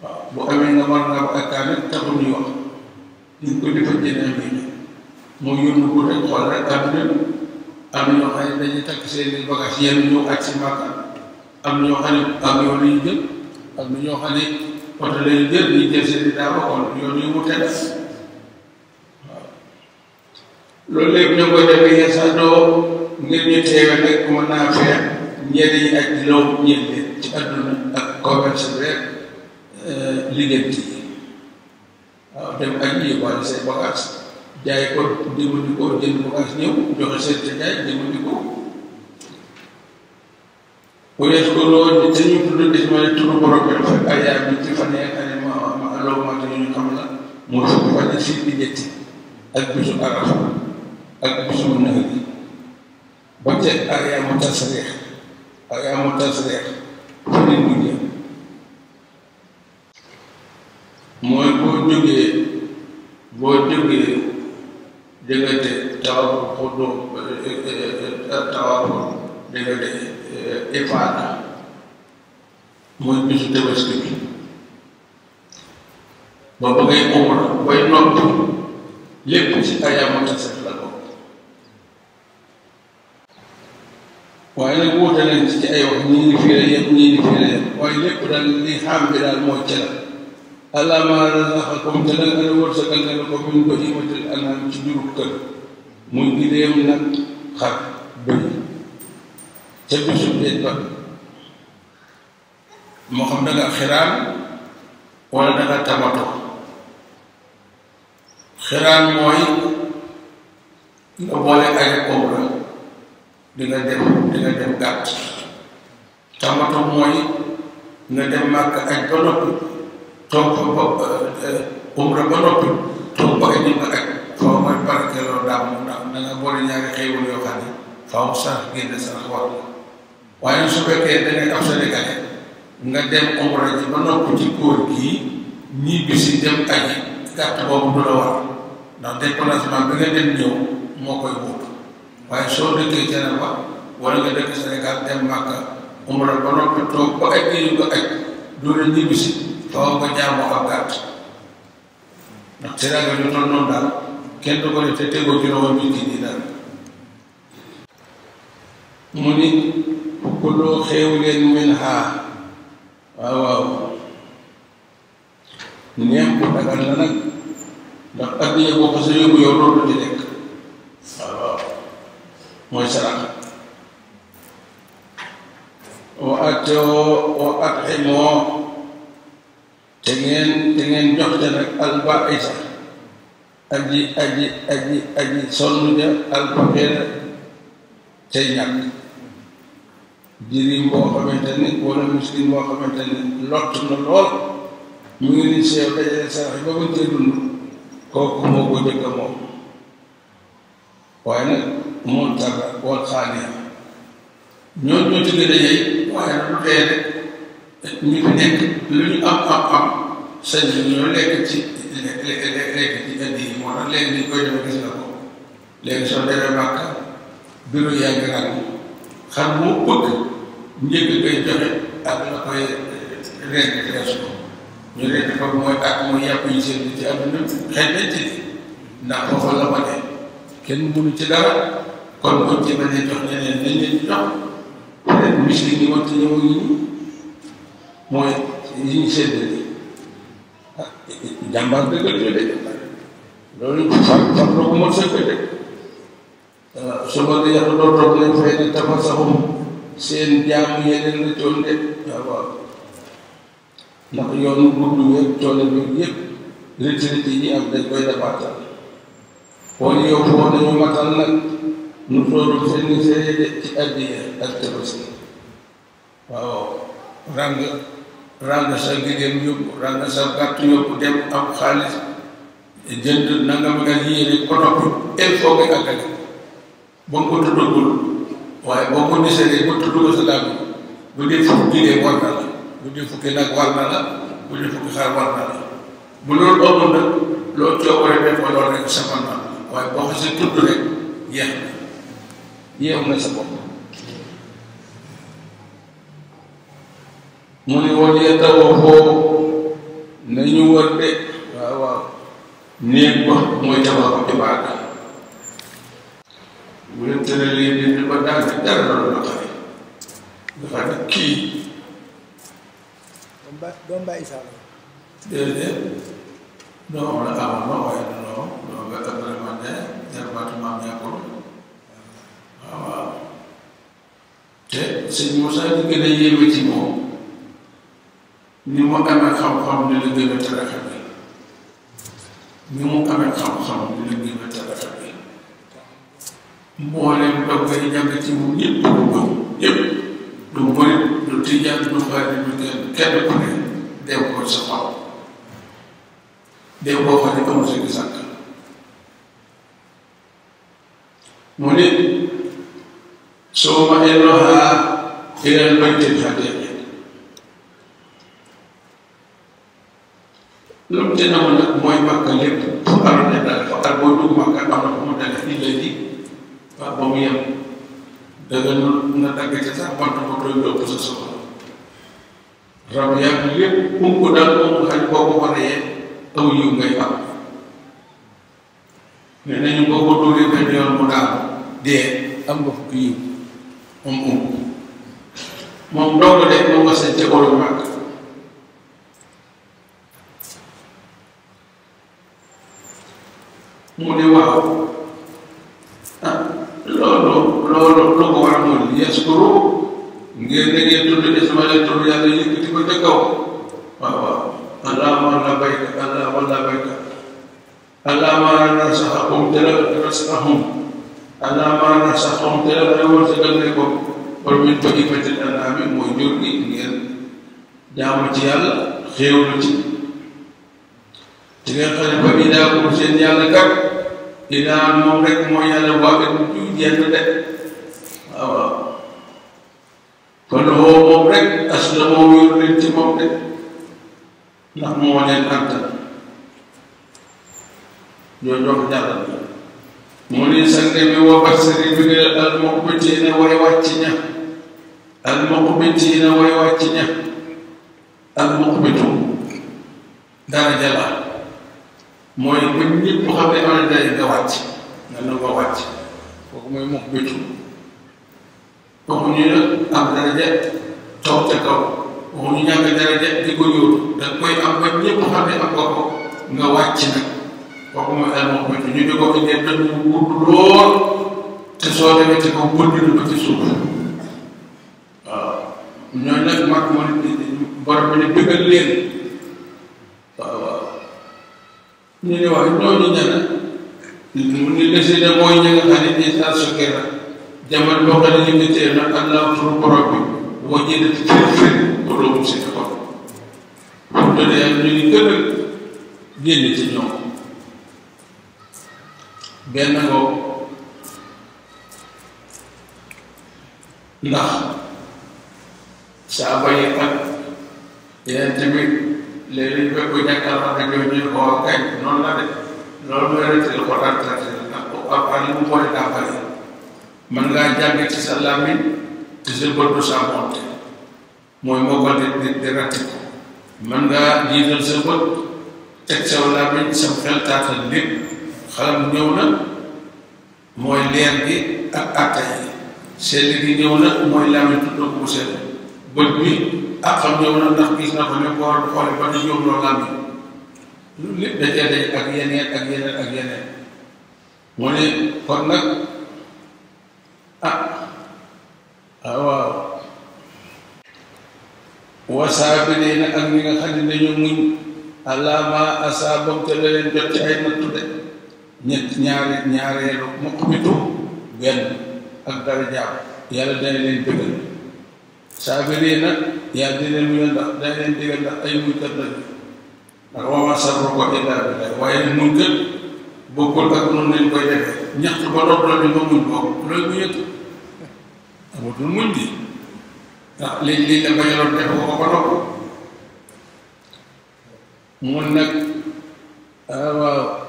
waaw bu amee nga war nga ba ak kaamil taxul ñuy wax ñu ko di ko jëndee ak yéen mooy yónnu ko rek xool rek am na am na ñoo xam ne dañuy takk seen ak si màkka am na ñoo xam ne am yoon la ñu jël am na ñoo xam ne oto la ñu jël ñu jël seen i daa ba xool yoon mu teg loolu lépp ñu ngi koy def yéen teewe nag mën naa feex ñenn ñi ak loolu ñëpp ci àdduna ak commerce bi rek euh, liggéenti yi waaw dem ak yi wàllu say bagaas jaay ko dimbali ko jënd bagaas ñëw joxe seen te jaay dimbali ko bu dee ko loolu te ñu tudd des ma ne tudd borom bi dafa ay yaa bi ci fan yee ma ma aloo ma ñu xam la moo fukk fan si di ñetti ak bisu arafa ak bisu nax bi ba ca ayaamu tasriix ayaamu tasriix ci ne mujje mooy boo jógee boo jógee diggante tawaaful xuddu eh, eh, tawaaful diggante eh, ifaada mooy bisu tabaski bi ba bëggee umra booy noppi lépp ci ayaamu tasriix la waaye nag wuute nañ ci ay wax ñii ni fii la yem ñii ni fii la yem waaye lépp daal li ca la allah maa razaqakum te la nga wërsëgal ne la ko min bahiimatil an'aam ci jurub kër muy gileem nag xar bëy ca bisu dee ba moo xam da nga xiraam wala da nga tabato mooy nga boole ay omra di nga dem di nga dem gàtt tamatu mooy nga dem màkk aj ba noppi toog ba eh, umra ba noppi toog ba indi nga aj foo mooy barkeeloo daaw moom ndax la waaye su fekkee da ngay ab sénégalais nga dem umra ji ba noppi ci kóor bi nga dem ñëw moo koy wut waaye soo dëkkee ba wala nga dëkk Sénégal dem Màkka umra ba noppi toog ba ay yi nga aj doo la ñibbi si taw ba ñaar moo xam gàtt ndax teraanga ñu toll noonu daal kenn du ko def te tegoo ci loxo nit ñi daal mu ni kuloo xeew leen min xaa waaw waaw neem bu dagal na nag ndax ko sa yóbbu yow loolu di nekk masyarakat wa ajo wa adhimu dengan dengan jox dan al baisa aji aji aji aji sonu ja al fakira cay ñak jirim bo xamanteni miskin muslim bo xamanteni lot na lol mu saya ni sew dajale sa ba ba jëdul kooku kau ko jëkk moom waaye muntaka wal xaaliya ñoo ñoo ci gën a yey waaye lu dee ñu nekk lu ñu am am am sañ ñoo lekk ci lekk ci indi yi moo tax léegi koy def gis na ko léegi soo demee màkk bureau yaa ngi ràgg xam moo bëgg njëkk koy joxe ak la koy eh, rend rees ko ñu rend ko mooy ak mooy yàpp yi seen ci am na xeet nañ ci ndax foofu la ma ne kenn mënu ci dara kon buñ ci mënee jox ñeneen nañ leen jox yeneen misli yi wante ñëw yi mooy yi ñu séddale jàmbaar dëgg la ñu dee loolu far far na ko mën sëkk de euh, suba nga yàlla doo toog nañ fay ne tafa saxum seen jaamu yeneen la toon de waaw ndax yoonu gudd weeg tool bi yëpp retraité yi am dañ koy defaatal woon yow foo dañu matal nag nu sooru seen seede ci addiya ak tabaski waaw ràng ràng sa giléem yóbbu ràng sa gàtt yóbbu dem am xaalis jënd nangam nga yéene ko topp il faut nga àggale ba nga ko tuddagul waaye boo ko nisee ba tudd ko sa dàgg bu dee fukki giléem war na la bu dee fukki nag war na la bu dee fukki xaar war na la bu loolu amul nag loo coow war a def loolu rek sa man waaye boo xasee tudd rek jeex yeew nga sa bopp mu ne woon yee tawoo foofu nañu wër de waaw waaw néeg ba mooy jabar ko jabar daal bu leen tëralee nit ñi ba daal bi dara loolu la xamee dafa ne kii doom bàyyi saa la déedéet doom la amoon ma waaye du doom doom nga tam vraiment ne jarbaatu maam ñàkkul waaw te sëñ Moussa li gën a yéeme ci moom ni mu amee xam-xam ni la gën a taraxa bi ni mu amee xam-xam ni la gën a taraxa bi mbooleem ba ngay jàng ci moom ñëpp du doom ñëpp du murit du tijaan du xaalis du kenn kenn ku ne dew ko sa xol dew boo xam ne amul sa gisàkk mu ne ثم إنها إلى البيت الحديث loolu dina mën ne daal fa na fu mu dale fii lay lépp ku ko daal moom ko waree nañu boo ko dóoree benn dee am nga fukki yiw Um, um. moom moom moom dong de moom nga seen tegolu màgg mu ne waaw ah loolu loolu lu ko war a mën yes kuru ngeen da ngeen tudd Ismaïla tudd yàlla yëkkati ko ca kaw waaw waaw allahumma labbayka allahumma labbayka allahumma nasahum te la nasahum allah maanaam sax moom teel a mayoo sa gëm ne ko wala min bëgg métti allah mi mooy jur gi ngeen jaamu ci yàlla xéewlu ci te ngeen xam ne ba bii daa ko seen yàlla kat dinaa moom rek mooy yàlla waa bi du jenn de waaw waaw kon rek as la moom yor leen ci moom de ndax moo leen antal ñoo jox jàll. mu ne sang bi wa basari bi nga almuqbitiina way wàcc ña almuqbitiina way wàcc ña almuqbitu dara jala mooy ba na day nga wàcc nga nangoo wàcc kooku mooy muqbitu waxuñu nag am daraja toog ca kaw waxuñu ñàkk daraja di ko yóotu am ba ñëpp xam ne am nga nga wàcc nag kooku mooy almoxbitu ñu di ko indee tëj bu gudd lool te soo demee ci kaw bënn ba ci suuf waaw ñooñu nag mag ma borom bi ne dëggal leen waaw waaw ñu ne waaye ñooñu ña ne mu ni décidé mooy ñi nga xam ne nii saa su kera jamono boo xam ne ñu ngi teel nag allah suñu borom bi boo jëlee ci kër gi pour loolu si ko kon ñu ne ñu ngi gën a génn ci ñoom. benn ngoog ndax saaba yi ak yeneen tamit léeg-léeg bépp jàkkaarloo ak ñoom ko wax kañ noonu la de loolu mooy retil ko rattratil ak ko ak li mu boole daa bari mën ngaa jàng ci sa làmmiñ te sa bët du sàmmonte mooy moo ko di di di rati ko mën ngaa jiital sa bët sa làmmiñ xel taatal lépp xalam ñëw na mooy leer gi ak àtte yi gi ñëw na mooy làmmiñ tudd na ko bët bi ak xam ñëw na ndax gis na ko ne ko war ne ñëw loo làmmiñ loolu lépp da cee nag ah, ah, ak ñi nga xam ne dañoo muñ alaa maa asaabahum la leen jot ay nattu de ñett ñaare ñaareelu muqmitu benn ak darajaam yàlla day leen dëggal saabiriin yàlla di leen muyal ndax day leen dëggal ndax ay muñkat ndax wamaa sabruka illaa billaah waaye muñkat bokkul ak noonu lañ koy defee ñax ba doog nga muñ boobu loolu mu yëtt amatul muñ bi ndax liñ liñ la bañaloon def ko ko doog mun nag ah, waaw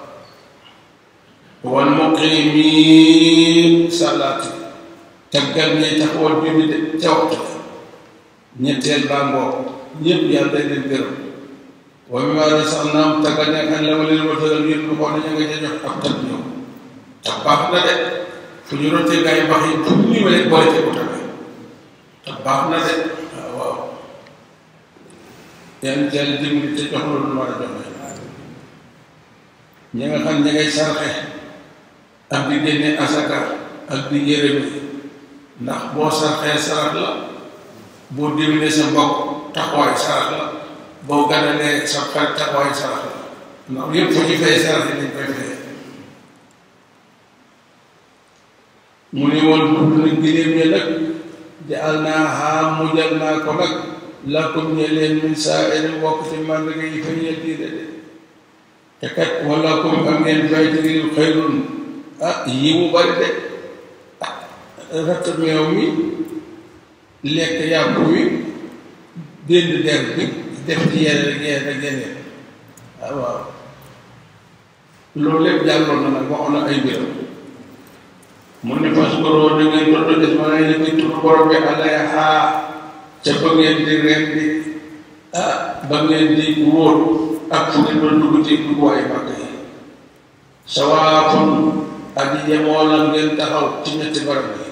wal muqimin salati taggal ñi taxawal bi mi de ci waxtu ñetteel bango ñepp yalla leen gërëm wa mi wala sallam kan la wala wa taggal ñi ko na nga jox ak tak ñoo tak baax na de fu ñu roté gaay baax yi tu ñu wala ci tak baax na de ak di génne asaka ak di yërëme ndax boo sarxee sarax la boo dimbalee sa mbokk taxawaay sarax la boo ganalee sa xel taxawaay sarax la ndax yëpp foo ci fay sarax yi dañ koy fay mu ne woon pour ni gileem ya nag jaal naa haa mujjal naa ko nag lakum ñe leen min saa ene bokk ci màndarga yi fay yël diine de te ah yii mu bari de ah ratt meew mi lekk yàpp wi dénd der bi def ci yeneen ak yeneen ak yeneen ah, waaw loolu lépp jàlloon na nag waxoon na ay mbiram mu ne fas boroo da ngeen doon doon def ma ne leen di tur borom bi àlla ya xaa ca ba ngeen di ren di ah, ba ngeen di wóor ak fu ngeen doon dugg ci dugg waaye màgg yi sawaafun ak yi la ngeen taxaw ci ñetti barab yi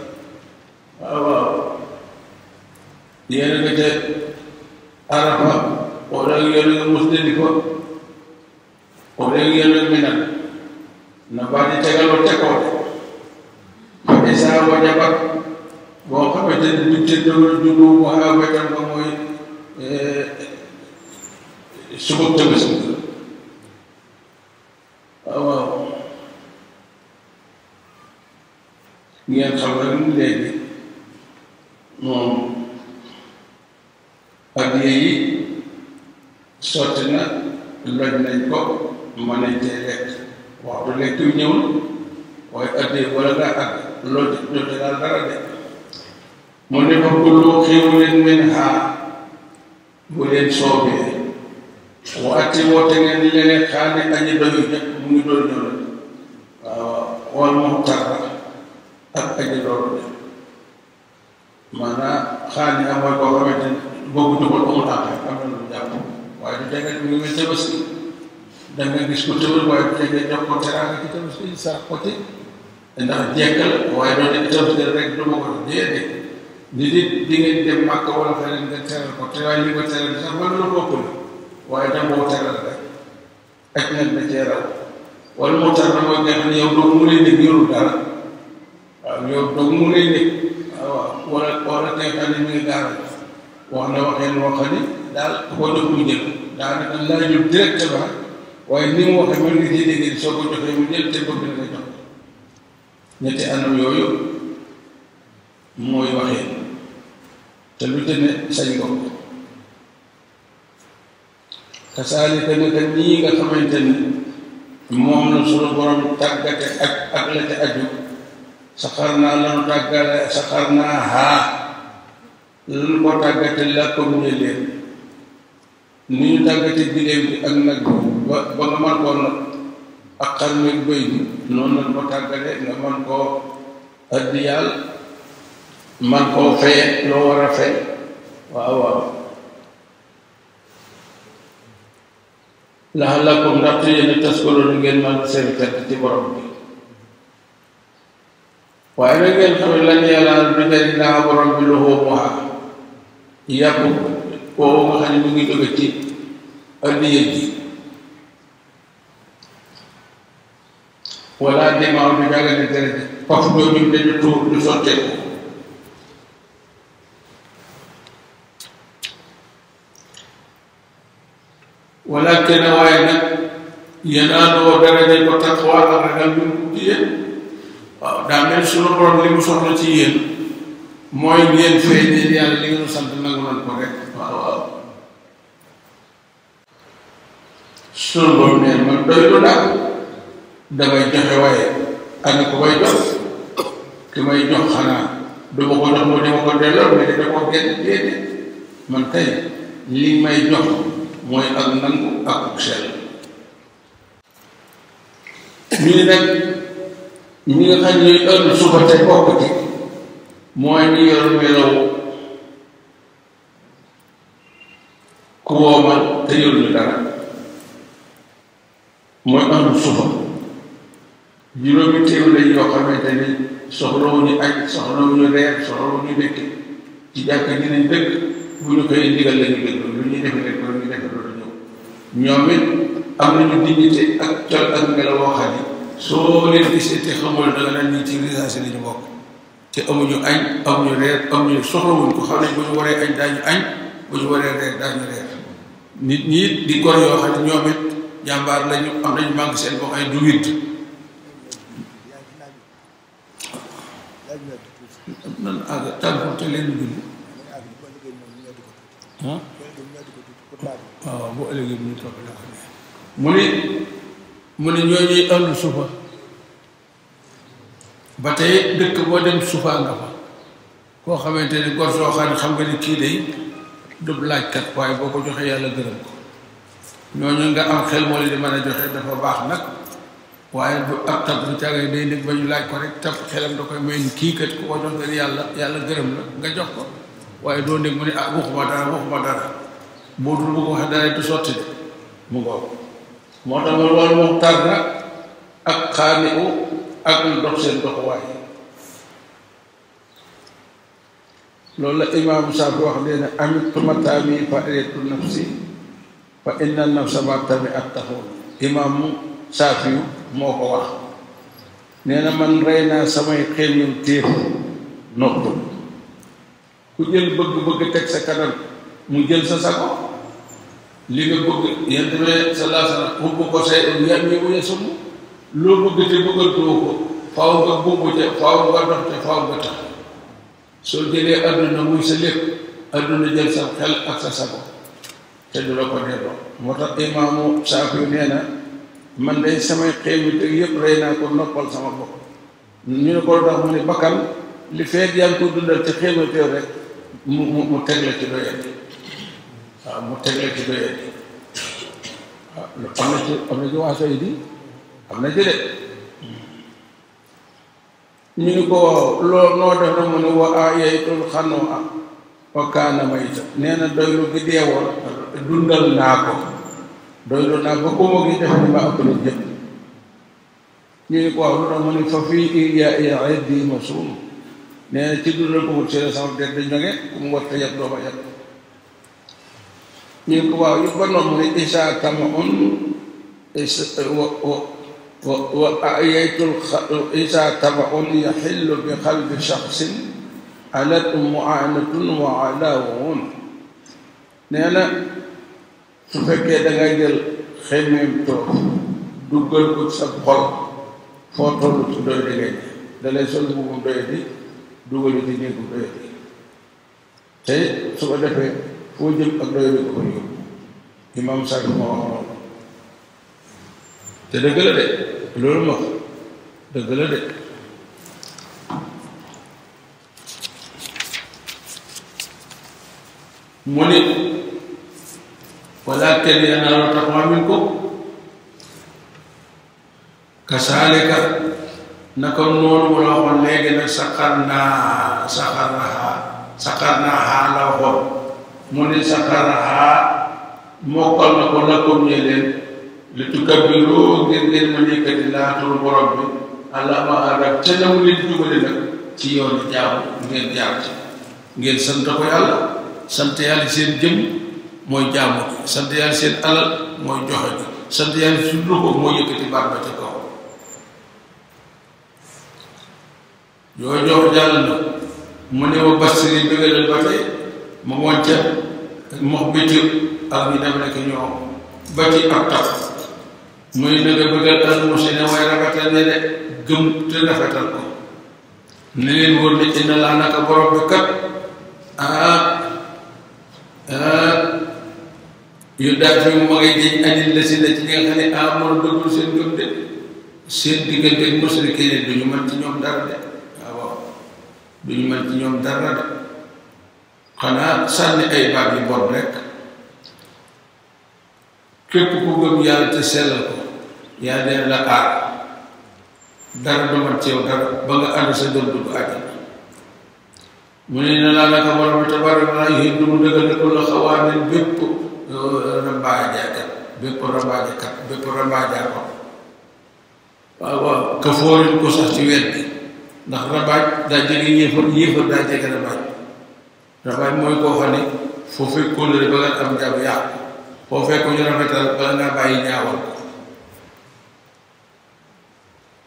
waaw waaw yéen a nga ca Arafa wala yéen a nga Musdalifa wala yéen a nga na baa di tegaloo tegoo xam isaa wa jabar boo xamante ni ñu te dëgër jublu mu xaar wetam ko mooy eh, suba tamit waaw waaw ngeen xam rek mu moom addiya yi sotti nañ ko mën nañ cee lekk waxtu lekk yu ñëw na waaye addiya wala nga ak loj jote daal dara de mu ne fa kullu xiwlin minha bu leen soobee waati woote ngeen di leneen ne añi doyu jëkk mu ngi doon ñëw la waaw wal muxtar maanaam xaal yi mooy boo xamante ni boobu dugal amul àq am na lu jàpp waaye du tege mu ngi tabaski da nga gis ko tëbal waaye du tege jox ko teraanga ci tabaski sa côté ndax jekkal waaye doo nekk tabaski rek du ma ko déedéet nit it di ngeen dem màkk wala feneen nga teral ko te waaye li nga teral sax wala lu bokkul waaye da boo teral rek ak nag na cee raw wala moo tax na mooy nga xam ne yow doo mu lay nekk yorul dara waaw yow doo mu lay nekk war a war a nekk année mi ngi daara wax na waxee loo xam ne daal war na ko jël daanaka laaj ñu directement waaye ni mu waxee mën nga ci soo ko joxee mu jël te bëgg na la jox ñetti anam yooyu mooy waxee te lu tënne sañ ko kasaalika naka nii nga xamante ni moom la borom tàggate ak ak la te aju saxar naa lanu tàggale saxar naa haa lanu ko tàggate làkkoom ne leen ni ñu tàggate giléem bi ak nag ba ba nga man koo nag ak xar meeg bëy bi noonu lañ ko tàggale nga man koo addiyaal man koo feye loo war a fey waaw waaw lax làkkoom ndaxte yéen tas ko loolu ngeen man seen tedd ci borom bi وأنا وأن يدخل لني على بدل لا أمر بلهوبها يقول وهو خلي بيجي تكتي أبي يجي ولا دماء بجالة الدرجة فخذوا من دجتو لسوتكو ولكن وين ينال درجة وتقوى الرجل waaw daa mel suñu li mu soxla ci yéen mooy ngeen feeñee yàlla li nga nu sant nangu nan ko waaw waaw suñu borom man doy lu damay joxe waaye ana ko may jox ki may jox xanaa du ma ko jox moo dama ko delloo mais da ko génn déedéet man tey li may jox mooy ak nangu ak sell ñu ne ñi nga xam ne ñooy suba te bokk ci mooy ñi yor melaw ku woomal te yoruñu dara mooy ëll suba juróomi teew lañ yoo xamante ni soxlawuñu añ soxlawuñu reer soxlawuñu dëkk ci jàkk ji nañ bu ñu koy ndigal la ñu dëkk lu ñuy defe rek lu ñuy defe loolu ñoom it am nañu dignité ak col ak melaw woo xam ne soo leen gisee te xamul danga naan ñii ci lisaasi li bokk te amuñu añ amuñu reer amuñu soxlawuñ ko xam ne ñu waree añ daañu añ bu ñu waree reer daañu nit ñi di gor yoo xam ne ñoom it jàmbaar lañu am nañu mànk seen bopp ay du witt nan àgg waaw bu ëllëgee mu ñu mu ne ñooy ñuy àllu suufa ba tey dëkk boo dem suufaa nga fa koo xamante ni gor soo xam nga ni kii day dub laajkat waaye boo ko joxee yàlla gërëm ko ñu nga am xel moo leen di mën a joxe dafa baax nag waaye bu ab tab bu càggee day nekk ba ñu laaj ko rek tab xelam da koy may ni kii kat ko yàlla yàlla gërëm nga jox ko waaye doo nekk mu ne ah waxuma dara waxuma dara boobu dul bu ko waxee dara du sotti de mu ngoog moo tax ma wàllu muxtar na ak xaani u ak lu dox seen doxuwaay loolu la imaamu Saafi wax nee na amit tumataami fa iretu nafsi fa inna nafsa ma tami at taxoon imaamu Saafi moo ko wax nee na man rey naa samay xel téef noptu ku jël bëgg-bëgg teg sa kanam mu jël sa sago li nga bëgg yéen tamit sallallahu alayhi wa sallam xub ko say yar ñi muñe summ loo bëgg te bëggal doo ko faaw nga bumbu te faaw nga dox te faaw nga tax soo jëlee adduna muy sa lépp adduna jël sa xel ak sa sago te du la ko delloo moo tax imaamu saafi nee na man day samay xeewi te yëpp rey naa ko noppal sama bopp ñu ne ko dox mu ne bakkan li feet yaa ngi ko dundal ci xeewi teew rek mu mu mu teg la ci waaw mu tegle ci doyee waaw am na ci am na ci ñu ni ko loolu noo def na mu ne wa aayaytul dundal naa ko doylu naa ko koo gi def ni ma ëpp na jëpp ñu ni ko waaw lu fa fii iya iya ay di ma suum nee na ci dundal ko mu seen sax der dañ ku mu war a doo ma yab min eh, ko waawi bonno mo isa kama on وأعيت إذا تبع يحل بقلب شخص علت معانة وعلاوة نانا سفكي دغا جيل خيميم تو دوغال كو سا خول فوتو لو تو دوي دغا دالاي سول بو دوي دي دوغال دي نيكو دوي دي تي سوبا دافي wajib terbayar itu kuyu. Imam saya mau tidak gelar dek, belum mah, tidak gelar dek. Muni, pada kali yang nalar tak mampu kok, kasalika nak nol mula kon lagi nak sakarna, sakarna, sakarna halau kok. mu ne sakaraha mokkal na ko lakum ñee leen li tukabbiroo ngeen ngeen ma nekkati laa turu bi allah ma arab ca ñam leen jubale nag ci yoon jaamu ngeen jaar ci ngeen sant ko yàlla sant yàlla seen jëm mooy jaamu sant yàlla seen alal mooy joxe ko sant yàlla seen loxo mooy yëkkati baat ba ca kaw yoo jox jàll na mu ne wa basiri bëggalal ba tey mu wonca mox bëcc ak ñu dem rek ñoo ba ci ak tax muy na nga bëggal al musina way rafetal ne de gëm te rafetal ko ne leen wóor ne inna laa naka borom bi kat ah ah yu daal fi mu ngay jëñ anil la si la ci nga xam ne ah moo dëggul seen gëm de seen diggante musrikin ci ñoom dara de waaw ci ñoom dara de xanaa sànni ay baat yu bon rek képp ku gëm yàlla te sellal ko yàlla dee la aar dara du dara ba nga ànd sa gëm dugg àjjana mu ne na laa naka borom bi tabarak naa yéen du mu dëggal euh, ko la xawaanin bépp rambaajakat bépp rambaajakat bépp rambaajakat ko sax ci wet bi ndax rambaaj daa jege yéefar yéefar daa jege rambaaj rafet mooy koo xam ne foo fekk kóllëre ba nga am jàmm yàqu foo fekk ñu rafetal bala ngaa bàyyi ñaawal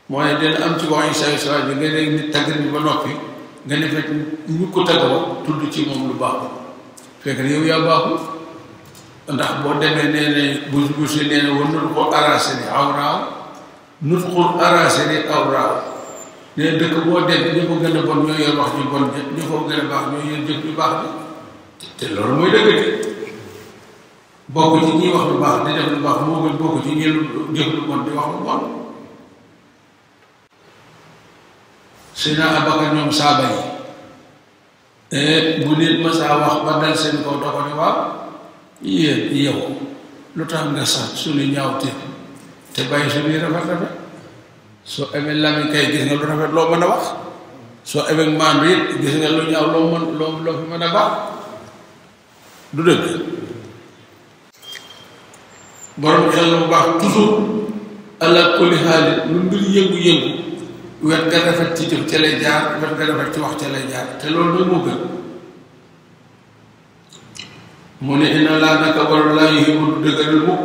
moo ne dina am ci wax Isa Israël bi nga dégg nit tagg bi ba noppi nga ne fekk ñu ko taggoo tudd ci moom lu baaxul fekk na yaa baaxul ndax boo demee nee ne bu bu si war nut ko arrasé ni aw raaw nut ko arrasé ni aw raaw ñu dëkk boo dégg ñu ko gën a bon ñoo yor ko gën a baax ñoo yor jëf ñu baax te loolu mooy dëgg de bokk ci ñi wax lu baax di def lu baax moo gën ci ñi jëf lu bon di wax lu bon su na abaka ñoom saaba yi eh, bu nit masaa wax ba dal seen kaw da ko ne waaw yéen lu tax nga sax suñu ñaawte te bàyyi suñuy rafet rafet soo amee làmmiñ kay gis nga lu rafet loo mën a wax soo amee maam it gis nga lu ñaaw loo mën loo loo fi mën a baax du dëgg borom xel bu baax toujours ala kulli xaali lu mbir yëngu-yëngu wet nga rafet ci jëf ca lay jaar wet nga rafet ci wax ca lay jaar te loolu doo moo gën mu ne inna laa naka war laa yuhibbu du dëgëral mukk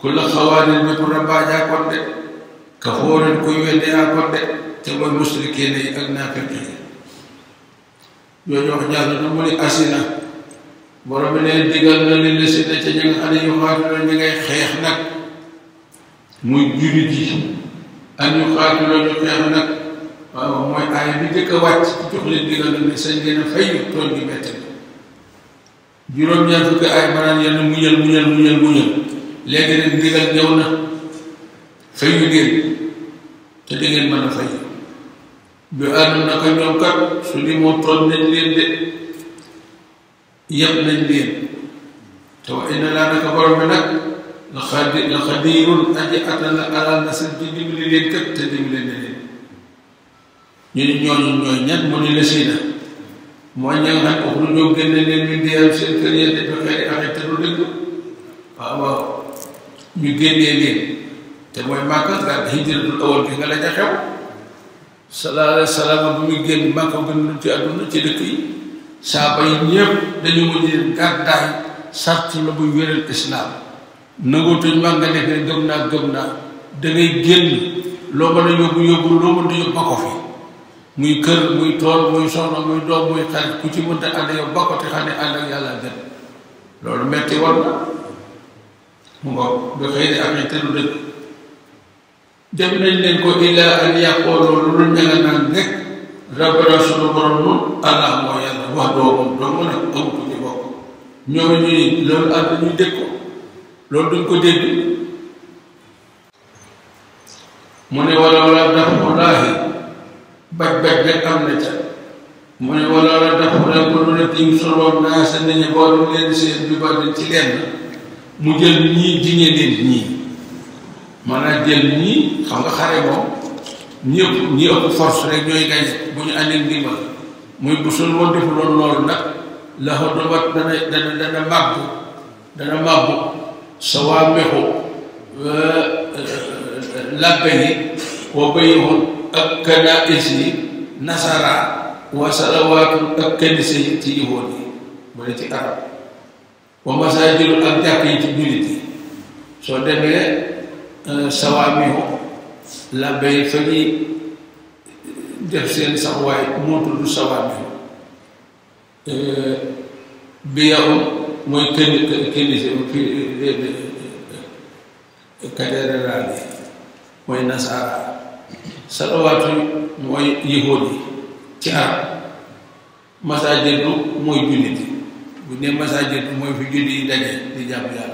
ku la xawaanin bépp rabaa jaakoon de kafoorin kuy wedde yaa kon de te mooy musrikiin yi ak naafiq yi ñooñu wax jàll na mu ni asina borom bi ne digal na li si ne ca ña nga xam yu xaatuloo ñu ngay xeex nag muy ñu xeex nag waaw mooy aaya bi njëkk a wàcc jox leen digal na ne ngeen a yu tool gi metti juróom-ñaar fukki ay banaan yàlla muñal muñal muñal muñal léegi nag digal ñëw na fayu ngeen te da ngeen mën a fay bi àdduna ko ñoom kat su li moo tooñ nañ leen de yëpp nañ leen te wa inna laa naka borom bi nag la xadi la xadiirun aji attan la alal na seen ci dimbali leen kat te dimbali na leen ñu ne ñooñu ñooy ñan mu ni la siina mooy ña nga xam ne ñoo génne leen ñu dee seen kër yi di fexee di axe te du dëgg waaw waaw ñu génnee leen te mooy Màkka daal hijratul awal bi nga la ca xew sallallahu alayhi wa sallam muy génn Màkka gën lu ci àdduna ci dëkk yi saaba yi ñëpp dañu mujj gàddaay sart la buy wéral islaam nangoo tuñ mag nga nekk ne gëm naa gëm naa dangay génn loo mën a yóbbu yóbbu loo mën a yóbbu ba ko fi muy kër muy tool muy soxna muy doom muy xarit ku ci mënta ànd yow ba ko te xam ne ànd ak yàlla gën loolu metti war mu nga doxee ne am yi te du dëkk def nañ leen ko illa an yaqooloo lu lu ñanga naan rek rabbana sunu borom noonu allah moo yàlla wax doo moom dong nag amutu ci bokk ñoom ñuy loolu am na ñuy loolu duñ ko dégg mu ne wala wala daxulaahi baj baj rek am na ca mu ne wala wala daxulaahi ko lu ne tiim soloon naa sa nit ñi boolu leen seen bi ba ci leen mu jël ñii jiñe ñii maanaam jël ñii xam nga xare moom ñi ëpp ñi ëpp rek ñooy gañ bu ñu andil ndimbal muy bu suñ woon defuloon loolu nag la ko dobat dana dana dana màbbu dana màbbu sa waa mexu euh, labbe yi wa bayihun ak kanaais yi nasaraan wa salawaatul ak kanise yi ci iwoon yi mu ne ci arab wa masaajidul ak jàkk yi ci jullit yi soo demee sawaamihu labay fa ñuy def seen saxwaay moo tudd sawaamihu biyahum mooy këni këni kadeeralaal mooy nasaara salawaatu yi ci arab masaajidu mooy jullit yi bu ne masaajidu mooy fi jullit yi daje di jàmm yàlla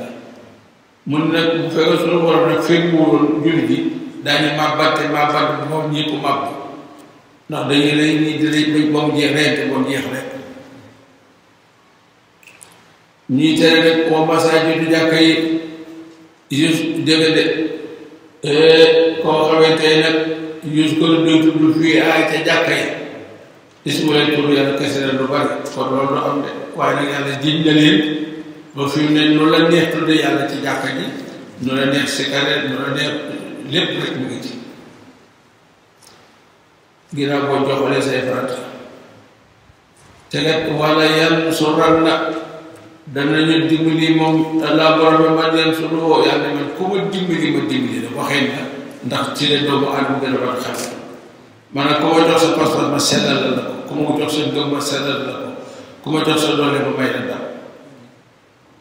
mun nag bu fekkee suñu borom nag fekk wóoroon julli ji daañu màbbante màbbante bu moom ñëpp màbb ndax dañuy lay ñi di lay bañ ba mu jeex reyante ba mu rek ñuy tere nag koo masaa du jàkka yi yus dëgg de eh, koo xamante nag yus ko dootul du fii aay ca jàkka yi gis nga leen tur yàlla kese la lu bari kon loolu am de waaye nag yàlla jiñ na leen ba la neex tudde yàlla ci jàkka ji nu la neex sigaret nu la neex lépp rek mu ngi ci ginnaaw boo joxalee say farata te nag wala yan suran na danañu dimbali moom allah borom ma leen sunu woo yàlla man ku ma dimbali ma dimbali la waxee na ndax ci la doomu aadama gën a war xam ne ku ma ku ma jox sa gëm ma sellal la ko ku ma jox sa doole ma may la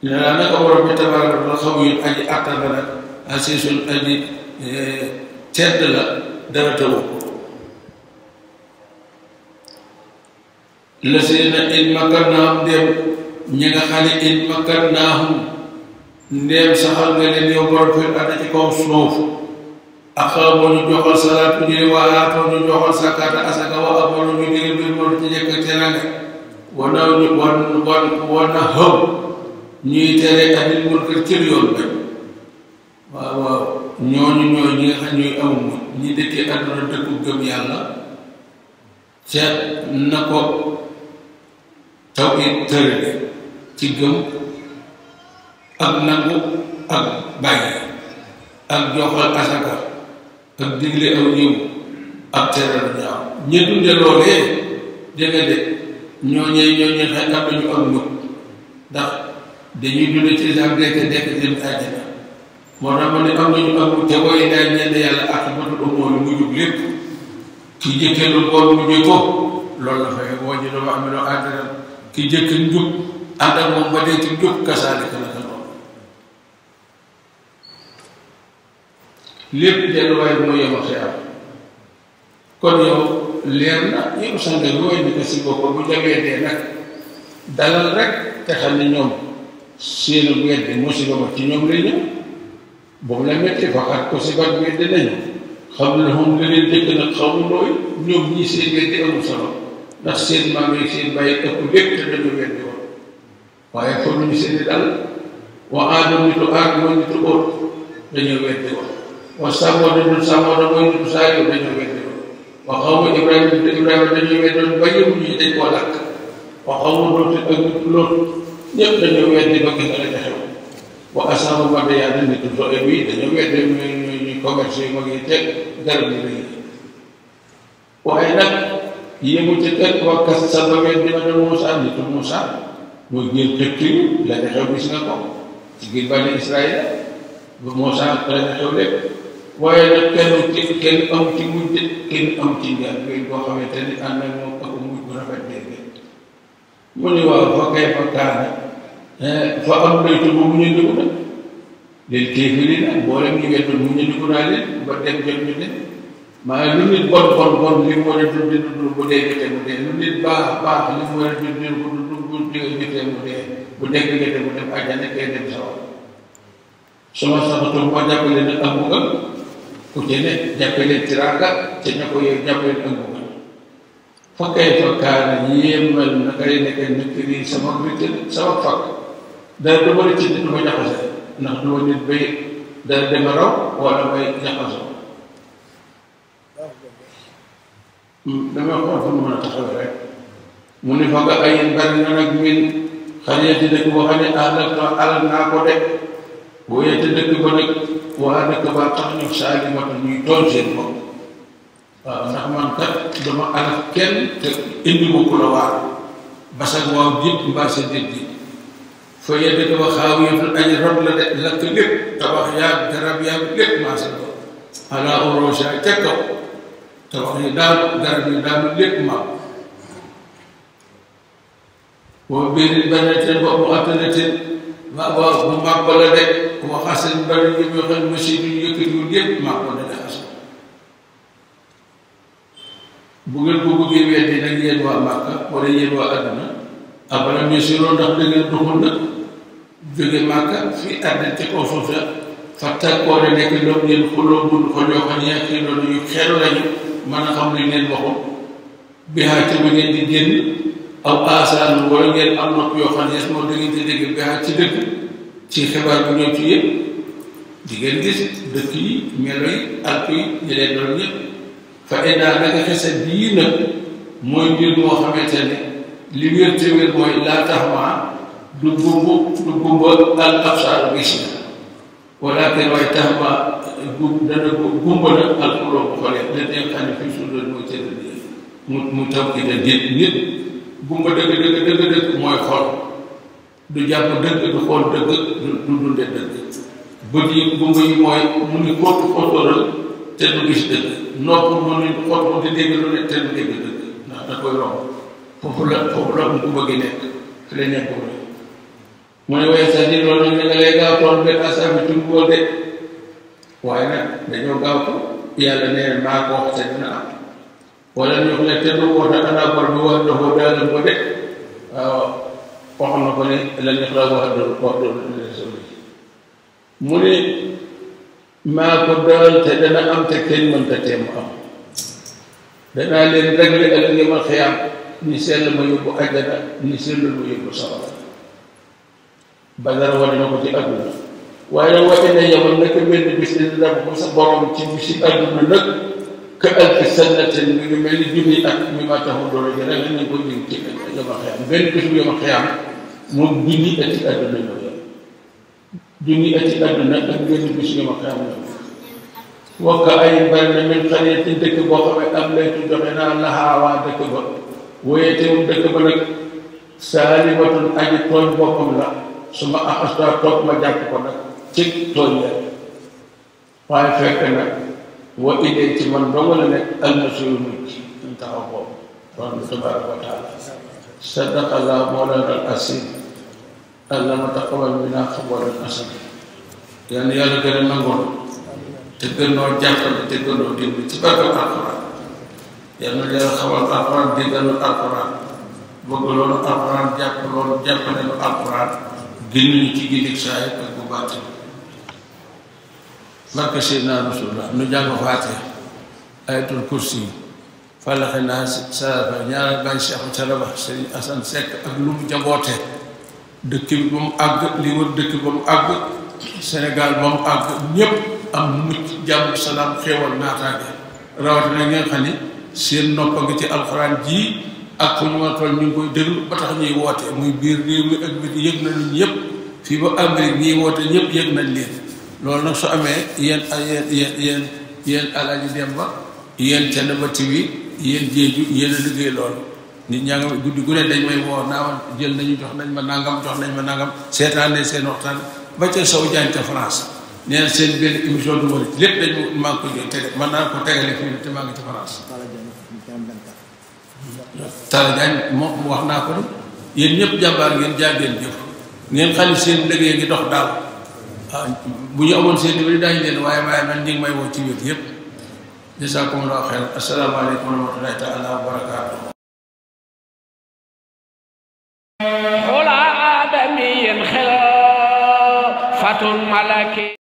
nee naa naka borom bi tabaraka ba xaw yu aji attan la nag asiisul aji eh, tedd la dara tëwu la si na in makkarnaahum ndéem ñi nga xam ne in makkarnaahum ndéem saxal nga leen yow borom fil ardi ci kaw suuf aqaamoo ñu joxal salaatu ñu ne waa aatoo ñu joxal sakaata asaka wa amoo ñu digal bi moom ci njëkk teraanga wana wan wan wana xëw ñuy tere anil munkar cër yoon bañ waaw waaw ñooñu ñooy ñi nga xam ñooy aw mu dëkkee àdduna dëkku gëm yàlla ca na ko taw it tëre ci gëm ak nangu ak bàyyi ak joxal asaka ak digle aw ñëw ak tere lu ñaaw dunde loolee dégg de ñooñee ñooñee xay am nañu ak mut ndax dañuy dund ci islam nekk nekk jëm àjjana moo tax ma ne am nañu am te booy daal ñenn yàlla ak matul amoo lu mu jub lépp ki jëkkee lu bon mu ñu ko loolu la fay ne wax moom ba dee ci njub kasaalika la ka noonu lépp delluwaay bi mooy yema xeer kon yow leer na yow sanga yooyu ni ko si boppam bu jagee dee nag dalal rek te xam ne ñoom seenu weddi musiba ba ci ñoom lay ñëw boobu la metti faqat ko si bat weddi nañu xam ne moom la leen dëkk nag xamu looy ñoom ñii seen weddi amul solo ndax seen maam yi seen bàyyi ëpp lépp te dañu weddi woon waaye kon ñu seeni dal wa aadama nitu aadama nitu óot dañoo weddi woon wa sàmmoo dañu sàmmoo da mooy nitu saayo dañoo weddi woon wa xamu Ibrahima nitu Ibrahima dañoo weddi woon ba ñoom ñii dañ koo làkk wa xamu loolu ak nitu loolu ñëpp dañoo weddi ba gis ala xew wa asaaru mabiyaat nit ñi soo bii dañoo weddi ñu ñu commerce yi mag yi teg garab yi lañuy waaye nag yéemu ci teg wa kas sa ba weddi ma ne Moussa nitu Moussa mooy gën tëkkiwu la xew gis nga ko ci gën bani Israël ba Moussa la xew lépp waaye nag kenn ci kenn am ci mujj kenn am ci njàng yooyu boo xamante ni ànd ak moom mu eh, ne waaw fa kay fa kaana fa am baytu ba mu ñu dugg nag naa leen ba dem jot ñu maa lu nit bon bon bon li mu war a bu dee jotee mu dee lu nit baax baax li mu a dund dund bu dee jotee mu dee bu dee jotee mu dem àjjana ne amu nga ci ne jàppale tiraaka te ña ko yow jàppale amu nga fa kayfa kaana yéemal na ngay nekk nit ki sama bitil sama fakk dara du bëri ci nit ma jaxase ndax du ma nit bay dara deme raw wala may jaxasoo hmm, dama xool fa mën a taxawee rek mu ne fa nga ay bari na nag min xariyati dëkk boo xam ne alal naa ko de wóyate dëkk ba nag waa dëkk ba tax ñu saalimatu ñuy tool seen bopp waaw ndax man kat dama alaf kenn te indi ma ku la waar basak waaw jiit mbaa sa jiit ji fa yedde dama xaaw yëpp añ rob la de lakk lépp tabax yaa garab yaa lépp maa sa doon ala orosa ca mu attanateen ma waaw mu màgg la de ku ma xasan bari ñu ñu xel machine yu yëkkatiwul yëpp màgg bu ngeen ko bëggee weddi nag yéen waa Màkka wala yéen waa àdduna abalam yasiiroo ndax da ngeen doxul jóge Màkka fii àddina te ko foofu la fàttakoo ne nekk ndox ngeen xuloo bul ko xam ne yaa loolu yu xeelu lañu mën a xam li ngeen waxoon am nopp yoo xam ne moom da ngeen di bi xaar ci dëkk ci xibaar bu ñëw ci yëpp gis dëkk yi melo yi alku doon ñëpp fexe daal naka kese bii mooy mbir moo xamante ne li wér te mooy laa tax maa du gumbu du gumba al absar gis na walakin waaye tax maa gum dana gumba nag al xuloo bu xoolee da xam ne fii suñu mooy cëdd mu mu taw ki da nit nit gumba dëgg dëgg dëgg dëgg mooy xool du jàpp dëgg du xool dëgg du dunde dëgg bët yi gumba yi mooy mu ni kootu xotooral te du gis dëgg nopp mënuñ xol mu di dégg lu ne te du dégg dëgg ndax da koy romb la foofu la mu bëgg nekk fi nekkul mu ne waaye sa di loolu ne ko ne te du wax nag bi wax doxoo daal ko de waaw na ko ne la ñu wax wax doxoo wax doxoo mu ne ما قدرت دنا أم تكين من تتيم أم دنا للرجل ألي ما خيام نسيل ما يبو أجدا نسيل ما يبو صلاة بدر ودنا كتي أجدا وأنا وأنا يوم لك من بس بسم الله برام تبص أجدا لك كألف سنة من من يجني أكمما تهدر جنا من يقول يمكن يوم خيام بين كتب يوم خيام مبني أتي أجدا junni ati adduna ak benn bis yu ma xam ne wax ko ay bari na min xariyatin dëkk boo xam ne am laytu joxe naa laxaawaa dëkk ba woyeetewum dëkk ba nag saalimatun aji tooñ boppam la su ma axastaa toog ma jàpp ko nag ci tooñ la waaye fekk na wa idee ci man dong la nekk almasiru mujj ñu taxaw boobu. tabaaraka wa taala sadaqa laa mawlaana al-asiim allahumma taqabbal minna qablan hasana yal na yàlla gën a nangoon te gën jàppale te gën noo ci barkeb alxuraan yal na yàlla xamal alxuraan déggal alxuraan bëgg loolu alxuraan jàpp loolu jàppale nu alxuraan génn ñu ci gindig saa ak bu bàtt barke Seydina Rasulullah nu jàng Faatiha ayatul kursi fàllaxe naa salafa ñaanal bàyyi Cheikh Salaba Sëriñ Asan Sekk ak lu mu jabootee dëkk bi ba mu àgg li wër dëkk ba mu àgg Sénégal ba mu àgg ñépp am mucc jàmm salaam xéewal naataange rawatina ngeen xam seen noppa ngi ci alxuraan jii ak fu ñu toll ñu ngi koy déglu ba tax ñuy woote muy biir réew mi ak biti yëg nañu fii ba Amérique ñiy woote ñëpp yëg nañ leen loolu nag su amee yéen yéen yéen yéen yéen Alaaji Demba yéen Thiénaba TV yéen Diédhiou yéen a liggéey lool nit ñaa nga guddi gu ne dañ may woo naawal jël nañu jox nañ ma nangam jox nañ ma nangam seetaan ne seen waxtaan ba ca Sow Diagne ca France nee seen benn émission du wari lépp dañ maa ngi man naa ko tegale fii te maa ngi ca France. Talla Diagne wax naa ko de yéen ñëpp jàmbaar ngeen jàngeen jëf ngeen xam seen liggéey ngi dox daal ah, bu ñu amoon seen numéro daañu leen waaye waaye man ñu may woo ci wét yëpp. jazaakumullahu xayran asalaamaaleykum wa rahmatulahi taala wa barakaatu. خلع آدمي خلافة ملكي